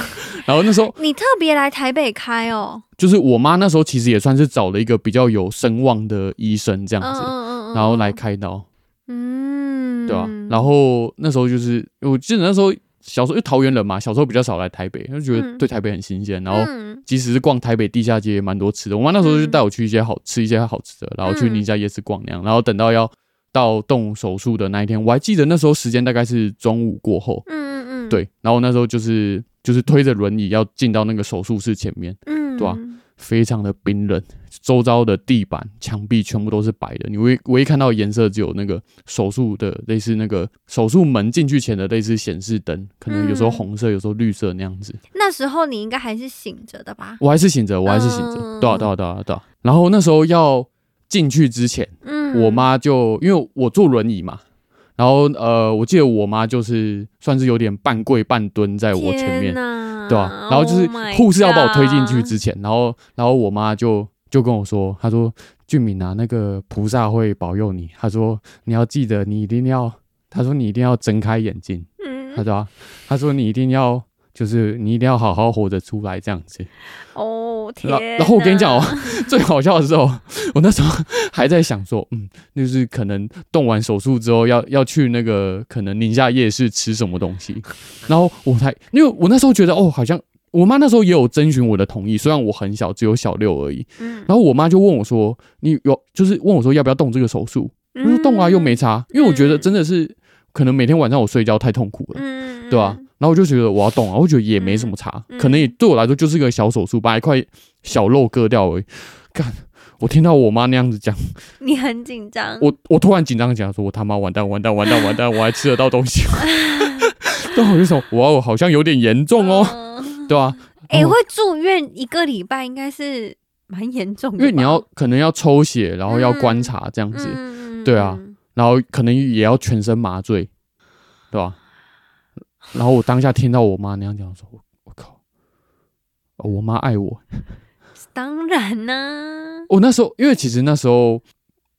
然後那時候你特別來台北開哦，就是我媽那時候其實也算是找了一個比較有聲望的醫生這樣子，然後來開刀。嗯，對吧？然後那時候就是我記得那時候小時候，因為桃園人嘛，小時候比較少來台北，就覺得對台北很新鮮。然後即使是逛台北地下街也蠻多吃的。我媽那時候就帶我去一些好吃、一些好吃的，然後去寧夏夜市逛那樣。然後等到要到動手術的那一天，我還記得那時候時間大概是中午過後，嗯嗯嗯，對。然後那時候就是。就是推着輪椅要進到那個手術室前面，嗯，對吧，啊？非常的冰冷，周遭的地板、牆壁全部都是白的，你唯一，唯一看到的顏色只有那個手術的，類似那個手術門進去前的類似顯示燈，可能有時候紅色，嗯，有時候綠色那樣子。那時候你應該還是醒着的吧？我還是醒着，我還是醒着、嗯，對啊，對啊，對啊，對啊。然後那時候要進去之前，嗯，我媽就因為我坐輪椅嘛。然後呃，我記得我媽就是算是有點半跪半蹲在我前面，對吧？然後就是護士要把我推進去之前，然後然後我媽就就跟我說，她說：“俊敏啊，那個菩薩會保佑你。”她說：“你要記得，你一定要。”她說：“你一定要睜開眼睛。”她說：“她說你一定要。”就是你一定要好好活着出來這樣子哦。天哪，然後我跟你講、哦， 最好笑的時候，我那時候還在想說，嗯，就是可能動完手術之後要要去那個可能寧夏夜市吃什麼東西。 然後我才，因為我那時候覺得哦，好像我媽那時候也有徵詢我的同意，雖然我很小，只有小六而已。嗯、然後我媽就問我說：“你有就是問我說要不要動這個手術？”嗯、我說：“動啊，又沒差。”因為我覺得真的是、嗯、可能每天晚上我睡覺太痛苦了，嗯、對吧、啊？然後我就覺得我要動啊，我覺得也沒什麼差，嗯、可能也對我來說就是一個小手術，把、嗯、一塊小肉割掉而已。哎，幹！我聽到我媽那樣子講，你很緊張。我我突然緊張，講說：“我他媽完蛋，完蛋，完蛋，完蛋！ 我還吃得到東西嗎？” 嗯、 然後我就說：“哇，我好像有點嚴重哦、喔呃，對吧、啊？”哎、嗯欸，會住院一個禮拜，應該是蠻嚴重的，因為你要可能要抽血，然後要觀察這樣子、嗯嗯，對啊，然後可能也要全身麻醉，對吧、啊？然後我當下聽到我媽那樣講的時候，我靠，我媽愛我， 當然呢、啊。我那時候，因為其實那時候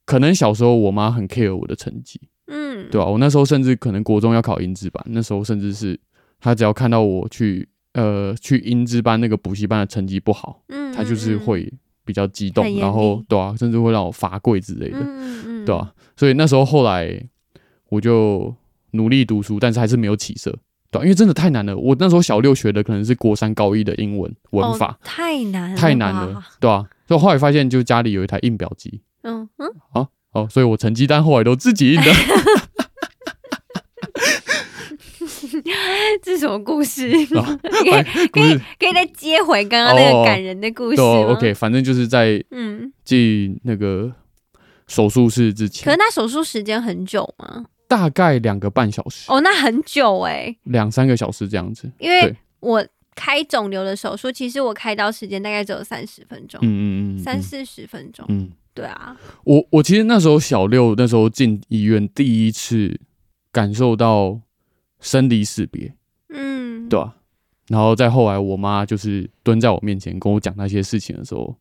可能小時候，我媽很 care 我的成績，嗯，對吧、啊？我那時候甚至可能國中要考英資班，那時候甚至是她只要看到我去呃去英資班那個補習班的成績不好，嗯，她就是會比較激動，嗯嗯嗯然後對吧、啊？甚至會讓我罰跪之類的，嗯，嗯對吧、啊？所以那時候後來我就努力讀書，但是還是沒有起色。因為真的太難了，我那時候小六學的可能是國三高一的英文文法，太、哦、難，太難了，太難了，對啊，所以後來發現，就家裡有一台印表機，嗯嗯，好、啊、哦，所以我成績單後來都自己印的。 這是什麼故事？啊、可以 可以可以，可以再接回剛剛那個感人的故事、哦對啊。OK，反正就是在嗯進那個手術室之前，嗯、可是那手術時間很久嗎？大概兩個半小時。哦，那很久哎、欸。兩三個小時這樣子。因為我開腫瘤的手術，其實我開刀時間大概只有三十分鐘。嗯嗯，三四十分鐘。嗯，對啊。我我其實那時候小六那時候進醫院第一次感受到生離死別。嗯。對啊。然後再後來，我媽就是蹲在我面前跟我講那些事情的時候，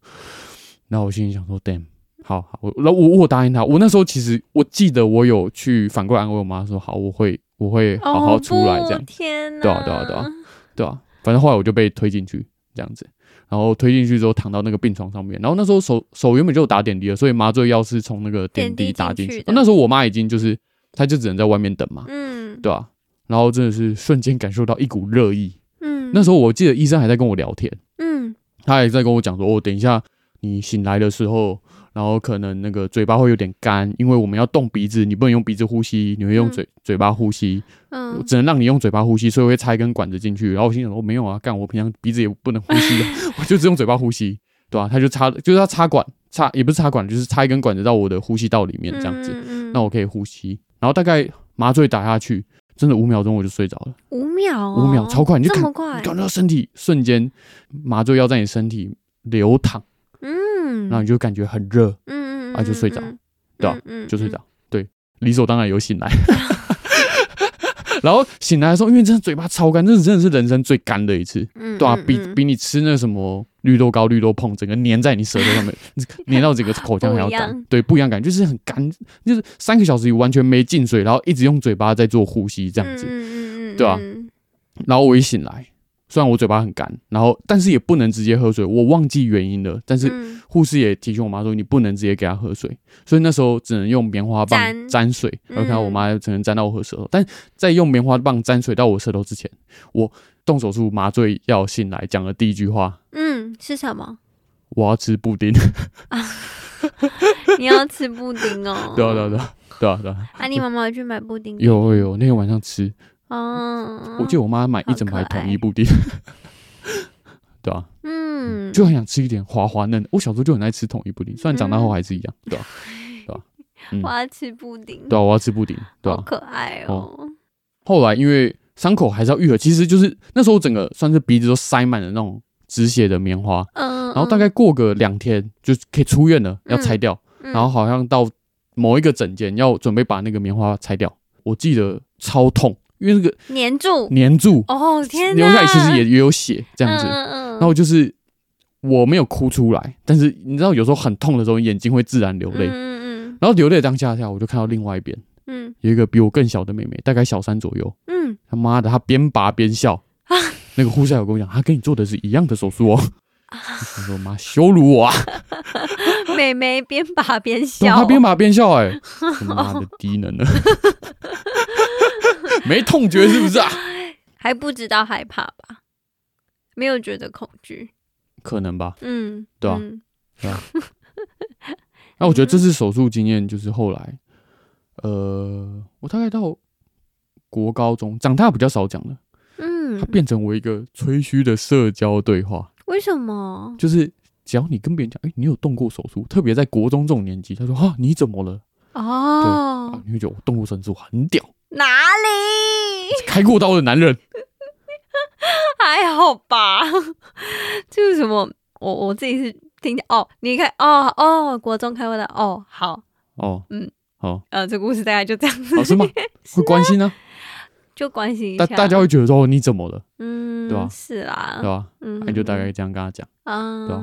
然後我心裡想說，damn。好好，我那我我答應他。我那時候其實我記得我有去反過來安慰我媽，說好，我會我會好好出來這樣，哦、天哪，對啊對啊對啊，對啊。反正後來我就被推進去這樣子，然後推進去之後躺到那個病床上面，然後那時候手手原本就有打點滴了，所以麻醉藥是從那個點滴打進去，去、啊。那時候我媽已經就是她就只能在外面等嘛，嗯，對啊。然後真的是瞬間感受到一股熱意，嗯。那時候我記得醫生還在跟我聊天，嗯，他還在跟我講說，我、哦、等一下你醒來的時候。然後可能那個嘴巴會有點乾，因為我們要動鼻子，你不能用鼻子呼吸，你會用嘴、嗯、嘴巴呼吸，嗯，只能讓你用嘴巴呼吸，所以我會插一根管子進去。然後我心想說、哦，沒有啊，幹我平常鼻子也不能呼吸的， 我就只用嘴巴呼吸，對吧、啊？他就插，就是要插管，插也不是插管，就是插一根管子到我的呼吸道裡面，這樣子、嗯，那我可以呼吸。然後大概麻醉打下去，真的五秒鐘我就睡着了，五秒、哦，五秒超快，你就感，感覺到身體瞬間麻醉藥在你身體流淌。嗯，然後你就感覺很熱，嗯啊就睡着，嗯、對、啊，吧、嗯？就睡着、嗯，對，理所當然有醒來， 然後醒來的時候，因為真的嘴巴超乾，這是真的是人生最乾的一次，嗯、對啊，比比你吃那個什麼綠豆糕、綠豆椪，整個粘在你舌頭上面，粘 到整個口腔還要乾，對，不一樣感，就是很乾，就是三個小時完全沒進水，然後一直用嘴巴在做呼吸這樣子，嗯嗯、對吧、啊？然後我一醒來。雖然我嘴巴很乾，然後但是也不能直接喝水，我忘記原因了。但是護、嗯、士也提醒我媽說，你不能直接給她喝水，所以那時候只能用棉花棒沾水。我、嗯、看到我媽只能沾到我舌頭，但在用棉花棒沾水到我舌頭之前，我動手術麻醉藥醒來講的第一句話，嗯，是什麼？我要吃布丁、 啊、你要吃布丁哦？ 對啊，對啊，對啊，對啊！那、啊、你媽媽去買布丁？有有有，那天、個、晚上吃。嗯、oh，我記得我媽買一整排統一布丁， 對吧、啊？嗯，就很想吃一點滑滑嫩。我小時候就很愛吃統一布丁，雖然長大後還是一樣，對、嗯、吧？對吧、啊啊？我要吃布丁、嗯，對啊，我要吃布丁，對啊。好可愛、喔、哦。後來因為傷口還是要愈合，其實就是那時候整個算是鼻子都塞滿了那種止血的棉花，嗯，然後大概過個兩天就可以出院了，要拆掉。嗯嗯、然後好像到某一個診間要準備把那個棉花拆掉，我記得超痛。因為那、這個粘住，粘住哦，天哪，流下來其實也也有血，這樣子、嗯。然後就是我沒有哭出來，但是你知道，有時候很痛的時候，眼睛會自然流淚。嗯嗯。然後流淚當下下，我就看到另外一邊，嗯，有一個比我更小的妹妹，大概小三左右。嗯。他媽的，她邊拔邊笑、啊。那個護士有跟我講，她跟你做的是一樣的手術哦。啊、她說，我說媽，羞辱我啊！妹妹邊拔邊笑、哦，她邊拔邊笑、欸，哎，媽的低能了。啊 沒痛覺是不是啊？ 還不知道害怕吧？沒有覺得恐懼？可能吧。嗯，對啊。嗯、 那我覺得這次手術經驗，就是後來，呃，我大概到國高中長大比較少講了。嗯，它變成我一個吹噓的社交對話。為什麼？就是只要你跟別人講，哎、欸，你有動過手術，特別在國中這種年紀，他說哈、啊、你怎麼了？哦，就啊、你會覺得我動過手術很屌。哪裡開過刀的男人？ 還好吧。這是什麼？我我自己是聽見哦，你看哦哦，國中開會的哦，好哦，嗯，好、哦、呃，這個、故事大概就這樣子、哦。好是嗎？是、啊、會關心呢、啊啊。就關心一下。大大家會覺得說你怎麼了？嗯，對是啦、啊，對吧？嗯，啊、你就大概這樣跟他講啊、嗯，對吧。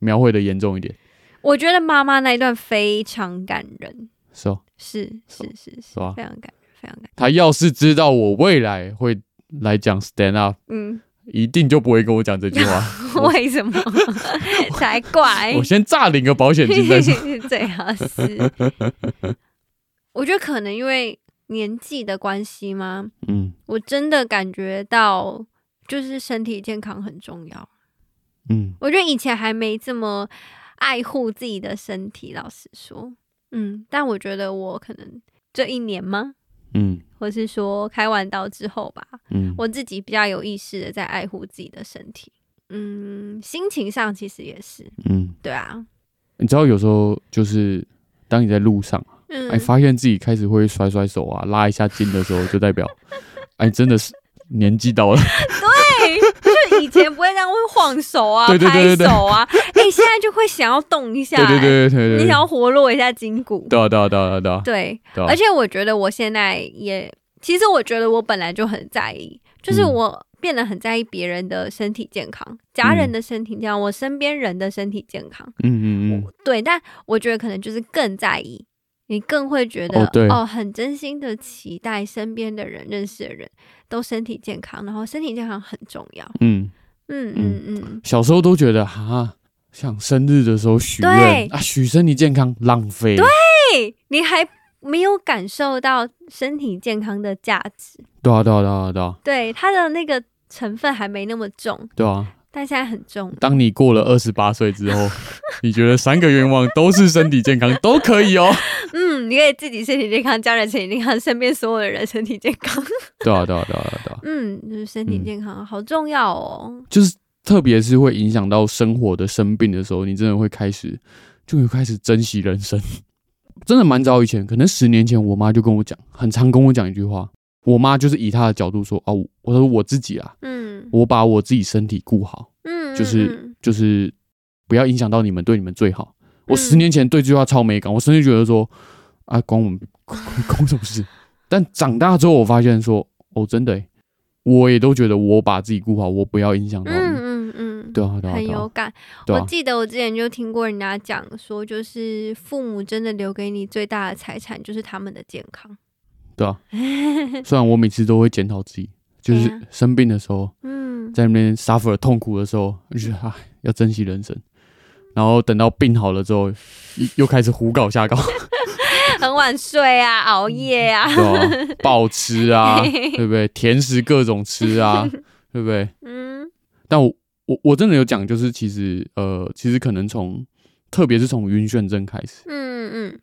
描繪得嚴重一點。我覺得媽媽那一段非常感人。So, 是哦，是是是是 so, so、啊、非常感。非常感，他要是知道我未來會來講 stand up，嗯，一定就不會跟我講這句話。為什麼 才怪？我先詐領個保險金。這樣我覺得可能因為年紀的關係嗎？嗯，我真的感覺到就是身體健康很重要。嗯，我覺得以前還沒這麼愛護自己的身體。老實說，嗯，但我覺得我可能這一年嗎？嗯，或是說開完刀之後吧，嗯，我自己比較有意識的在愛護自己的身體，嗯，心情上其實也是，嗯，對啊，你知道有時候就是當你在路上，哎、嗯，發現自己開始會甩甩手啊，拉一下筋的時候，就代表，哎， 真的是年紀到了，對， 就是以前不會這樣會晃手啊，對對對對對，對，手啊。 哎， 你現在就會想要動一下、欸，對對，對對對對對，你想要活絡一下筋骨，對、啊、對、啊、對，而且我覺得我現在也，其實我覺得我本來就很在意，就是我變得很在意別人的身體健康、嗯、家人的身體健康、嗯、我身邊人的身體健康。嗯嗯嗯。對，但我覺得可能就是更在意，你更會覺得哦，哦，很真心的期待身邊的人、認識的人都身體健康，然後身體健康很重要。嗯嗯嗯嗯。小時候都覺得啊。哈像生日的時候許願啊，許身體健康浪費。對你還沒有感受到身體健康的價值。對啊，對啊，對啊，對啊。對，它的那個成分還沒那麼重。對啊，但現在很重。當你過了二十八歲之後， 你覺得三個願望都是身體健康 都可以哦。嗯，你可以自己身體健康，家人身體健康，身邊所有的人身體健康。對啊，對啊，對啊，對啊。對啊。嗯，就是身體健康、嗯、好重要哦。就是。特別是會影響到生活的生病的時候，你真的會開始，就會開始珍惜人生。真的蠻早以前，可能十年前，我媽就跟我講，很常跟我講一句話。我媽就是以她的角度說：“哦，我說我自己啊，嗯，我把我自己身體顧好，嗯，就是就是不要影響到你們，對你們最好。”我十年前對這句話超沒感，我甚至覺得說：“啊，關我們關我什麼事？”但長大之後，我發現說：“哦，真的欸。”我也都覺得，我把自己顧好，我不要影響到你，嗯嗯嗯，對啊，對啊，對啊，很有感，對啊。我記得我之前就聽過人家講說，就是父母真的留給你最大的財產就是他們的健康。對啊，雖然我每次都會檢討自己， 就是生病的時候，嗯，在那邊 suffer 痛苦的時候，就要珍惜人生。然後等到病好了之後，又開始胡搞瞎搞。 很晚睡啊，熬夜啊，暴吃啊， 對不對？甜食各種吃啊，對不對？嗯。 但我我我真的有講，就是其實呃，其實可能從特別是從暈眩症開始，嗯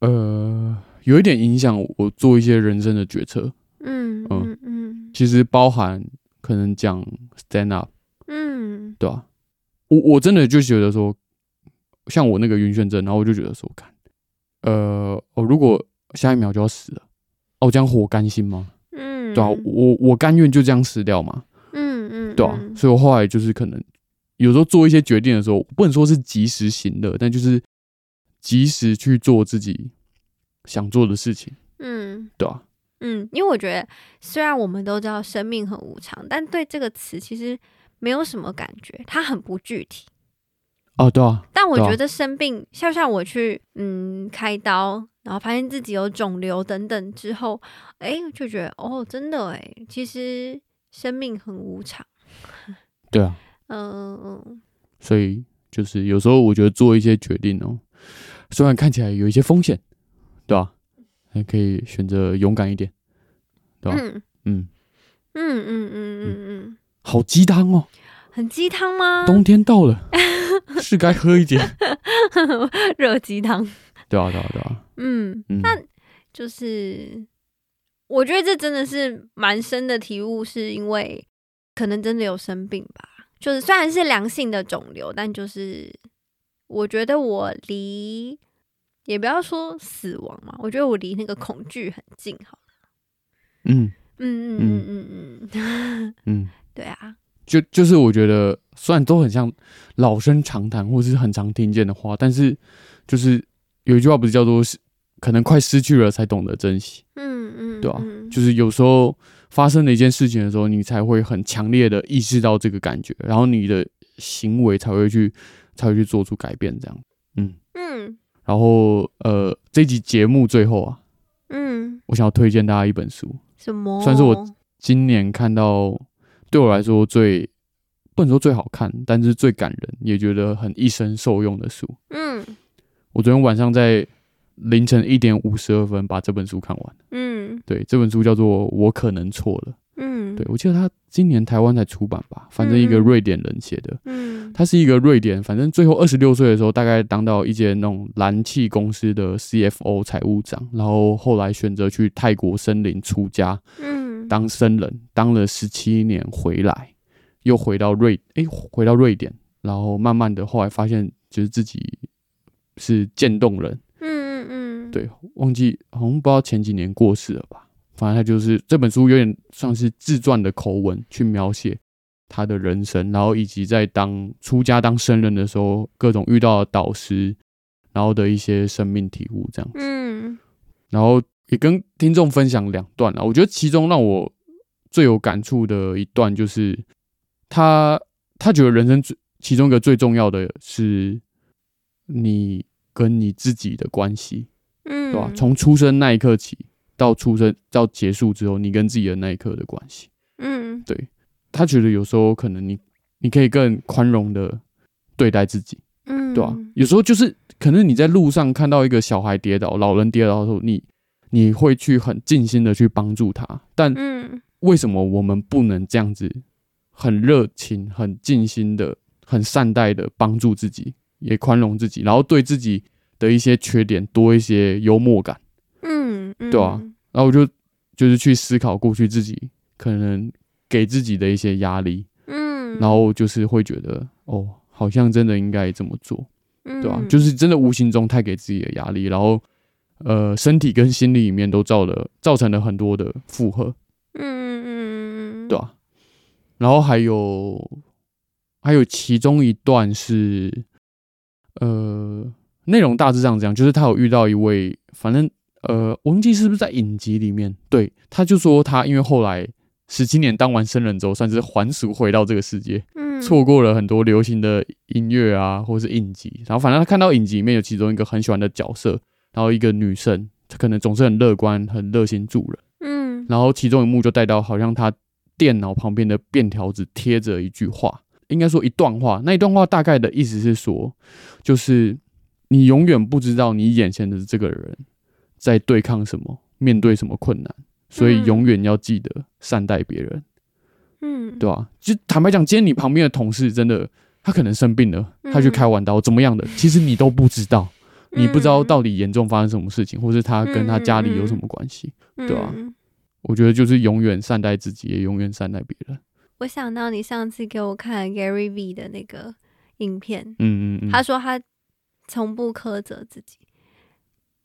嗯，呃，有一點影響我做一些人生的決策。嗯、呃、嗯嗯。其實包含可能講 stand up，嗯，對啊。我我真的就覺得說，像我那個暈眩症，然後我就覺得說，我看。呃，哦，如果下一秒就要死了，啊、我這樣活甘心嗎？嗯，對啊，我我甘願就這樣死掉嗎？嗯嗯，對啊，所以，我後來就是可能有時候做一些決定的時候，不能說是及時行樂，但就是及時去做自己想做的事情。嗯，對啊。嗯，因為我覺得，雖然我們都知道生命很無常，但對這個詞其實沒有什麼感覺，它很不具體。哦對、啊，對啊，但我覺得生病，像、啊、像我去，嗯，開刀，然後發現自己有腫瘤等等之後，哎，就覺得哦，真的哎，其實生命很無常。對啊，嗯，嗯，所以就是有時候我覺得做一些決定哦，雖然看起來有一些風險，對啊，還可以選擇勇敢一點，對吧、啊？嗯嗯嗯嗯嗯嗯，嗯，好雞湯哦。很雞湯嗎？冬天到了， 是該喝一點熱 雞湯。 對啊，對啊，對啊。嗯，嗯，那就是我覺得這真的是蠻深的體悟，是因為可能真的有生病吧。就是雖然是良性的腫瘤，但就是我覺得我離也不要說死亡嘛，我覺得我離那個恐懼很近，好了。嗯嗯嗯嗯嗯嗯嗯，嗯嗯嗯 嗯 對啊。就就是我覺得，雖然都很像老生常談，或是很常聽見的話，但是就是有一句話不是叫做“可能快失去了才懂得珍惜”？嗯嗯，對啊、嗯，就是有時候發生了一件事情的時候，你才會很強烈的意識到這個感覺，然後你的行為才會去才會去做出改變，這樣。嗯嗯。然後呃，這集節目最後啊，嗯，我想要推薦大家一本書，什麼？算是我今年看到。對我來說最不能說最好看，但是最感人，也覺得很一生受用的書。嗯，我昨天晚上在凌晨一點五十二分把這本書看完了。嗯，對，這本書叫做《我可能錯了》。嗯，對，我記得他今年台灣才出版吧，反正一個瑞典人寫的。嗯，嗯他是一個瑞典，反正最後二十六歲的時候，大概當到一間那種燃氣公司的 CFO 財務長，然後後來選擇去泰國森林出家。嗯。當僧人當了十七年，回來又回到瑞，誒、欸，回到瑞典，然後慢慢的後來發現就是自己是漸凍人，嗯嗯嗯，對，忘記好像不知道前幾年過世了吧，反正他就是這本書有點像是自傳的口吻去描寫他的人生，然後以及在當出家當僧人的時候各種遇到的導師，然後的一些生命體悟這樣子，嗯，然後。也跟聽眾分享兩段啦。我覺得其中讓我最有感觸的一段，就是他他覺得人生最其中一個最重要的是你跟你自己的關係，嗯，對吧？從出生那一刻起，到出生到結束之後，你跟自己的那一刻的關係，嗯，對。他覺得有時候可能你你可以更寬容的對待自己，嗯，對吧？有時候就是可能你在路上看到一個小孩跌倒，老人跌倒的時候，你你會去很盡心的去幫助他，但為什麼我們不能這樣子很熱情、很盡心的、很善待的幫助自己，也寬容自己，然後對自己的一些缺點多一些幽默感，嗯，嗯，對啊？然後我就就是去思考過去自己可能給自己的一些壓力，嗯，然後就是會覺得哦，好像真的應該這麼做，嗯，對啊？就是真的無形中太給自己的壓力，然後。呃，身體跟心理裡面都造了，造成了很多的負荷，嗯嗯嗯嗯，對啊。然後還有，還有其中一段是，呃，內容大致上這樣，就是他有遇到一位，反正呃，我忘記是不是在影集裡面，對，他就說他因為後來十七年當完僧人之後，算是還俗回到這個世界，嗯，錯過了很多流行的音樂啊，或者是影集，然後反正他看到影集裡面有其中一個很喜歡的角色。然後一個女生，她可能總是很樂觀，很熱心助人。嗯，然後其中一幕就帶到好像她電腦旁邊的便條紙貼着一句話，應該說一段話。那一段話大概的意思是說，就是你永遠不知道你眼前的這個人在對抗什麼，面對什麼困難，所以永遠要記得善待別人。嗯，對吧？就坦白講，今天你旁邊的同事真的他可能生病了，他去開完刀、嗯、怎麼樣的，其實你都不知道。你不知道到底嚴重發生什麼事情，嗯，或是他跟他家裡有什麼關係，嗯嗯，對啊，我覺得就是永遠善待自己，也永遠善待別人。我想到你上次給我看 Gary V 的那個影片，嗯嗯，嗯，他說他從不苛責自己，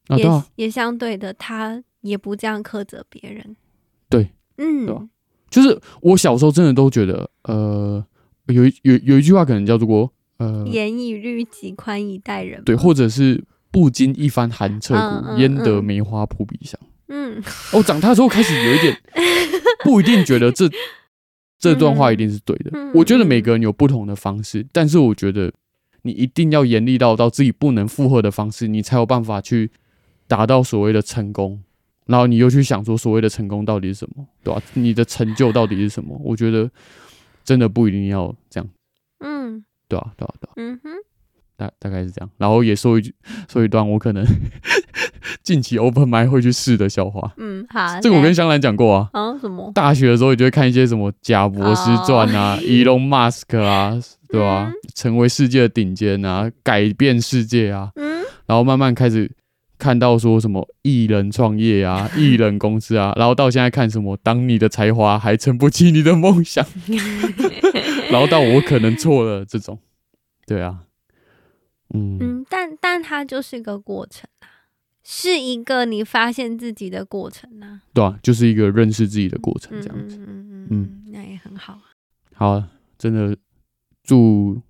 啊，也啊，對啊，也相對的，他也不這樣苛責別人。對，嗯，對啊，啊，就是我小時候真的都覺得，呃，有一有有一句話可能叫做“呃，嚴以律己，寬以待人”，對，或者是。不經一番寒徹骨，焉、uh, uh, uh. 得梅花撲鼻香。嗯，哦，長大之後開始有一點不一定覺得這 這段話一定是對的，嗯。我覺得每個人有不同的方式，但是我覺得你一定要嚴厲到到自己不能負荷的方式，你才有辦法去達到所謂的成功。然後你又去想說所謂的成功到底是什麼，對吧、啊？你的成就到底是什麼？我覺得真的不一定要這樣。嗯，對吧、啊？對吧、啊？對吧、啊啊？嗯哼。大大概是這樣，然後也說一句，說一段我可能 近期 open mic 會去試的笑話。嗯，好，這個我跟香蘭講過啊。啊、嗯，什麼？大學的時候，也就會看一些什麼賈伯斯傳啊，伊隆馬斯克啊，對吧、啊嗯？成為世界的頂尖啊，改變世界啊。嗯。然後慢慢開始看到說什麼藝人創業啊，藝、嗯、人公司啊，然後到現在看什麼，當你的才華還撐不起你的夢想。 然後到我可能錯了這種，對啊。嗯，嗯但，但它就是一個過程啊，是一個你發現自己的過程啊，對啊，就是一個認識自己的過程，這樣子，嗯嗯，嗯，嗯那也很好、啊。好，真的祝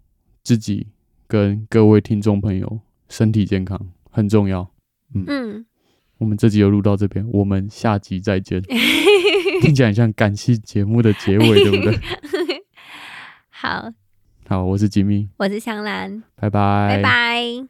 自己跟各位聽眾朋友身體健康，很重要嗯。嗯，我們這集就錄到這邊，我們下集再見， 聽起來很像感謝節目的結尾，對不對？ 好。好，我是吉米，我是香蘭，拜拜，拜拜。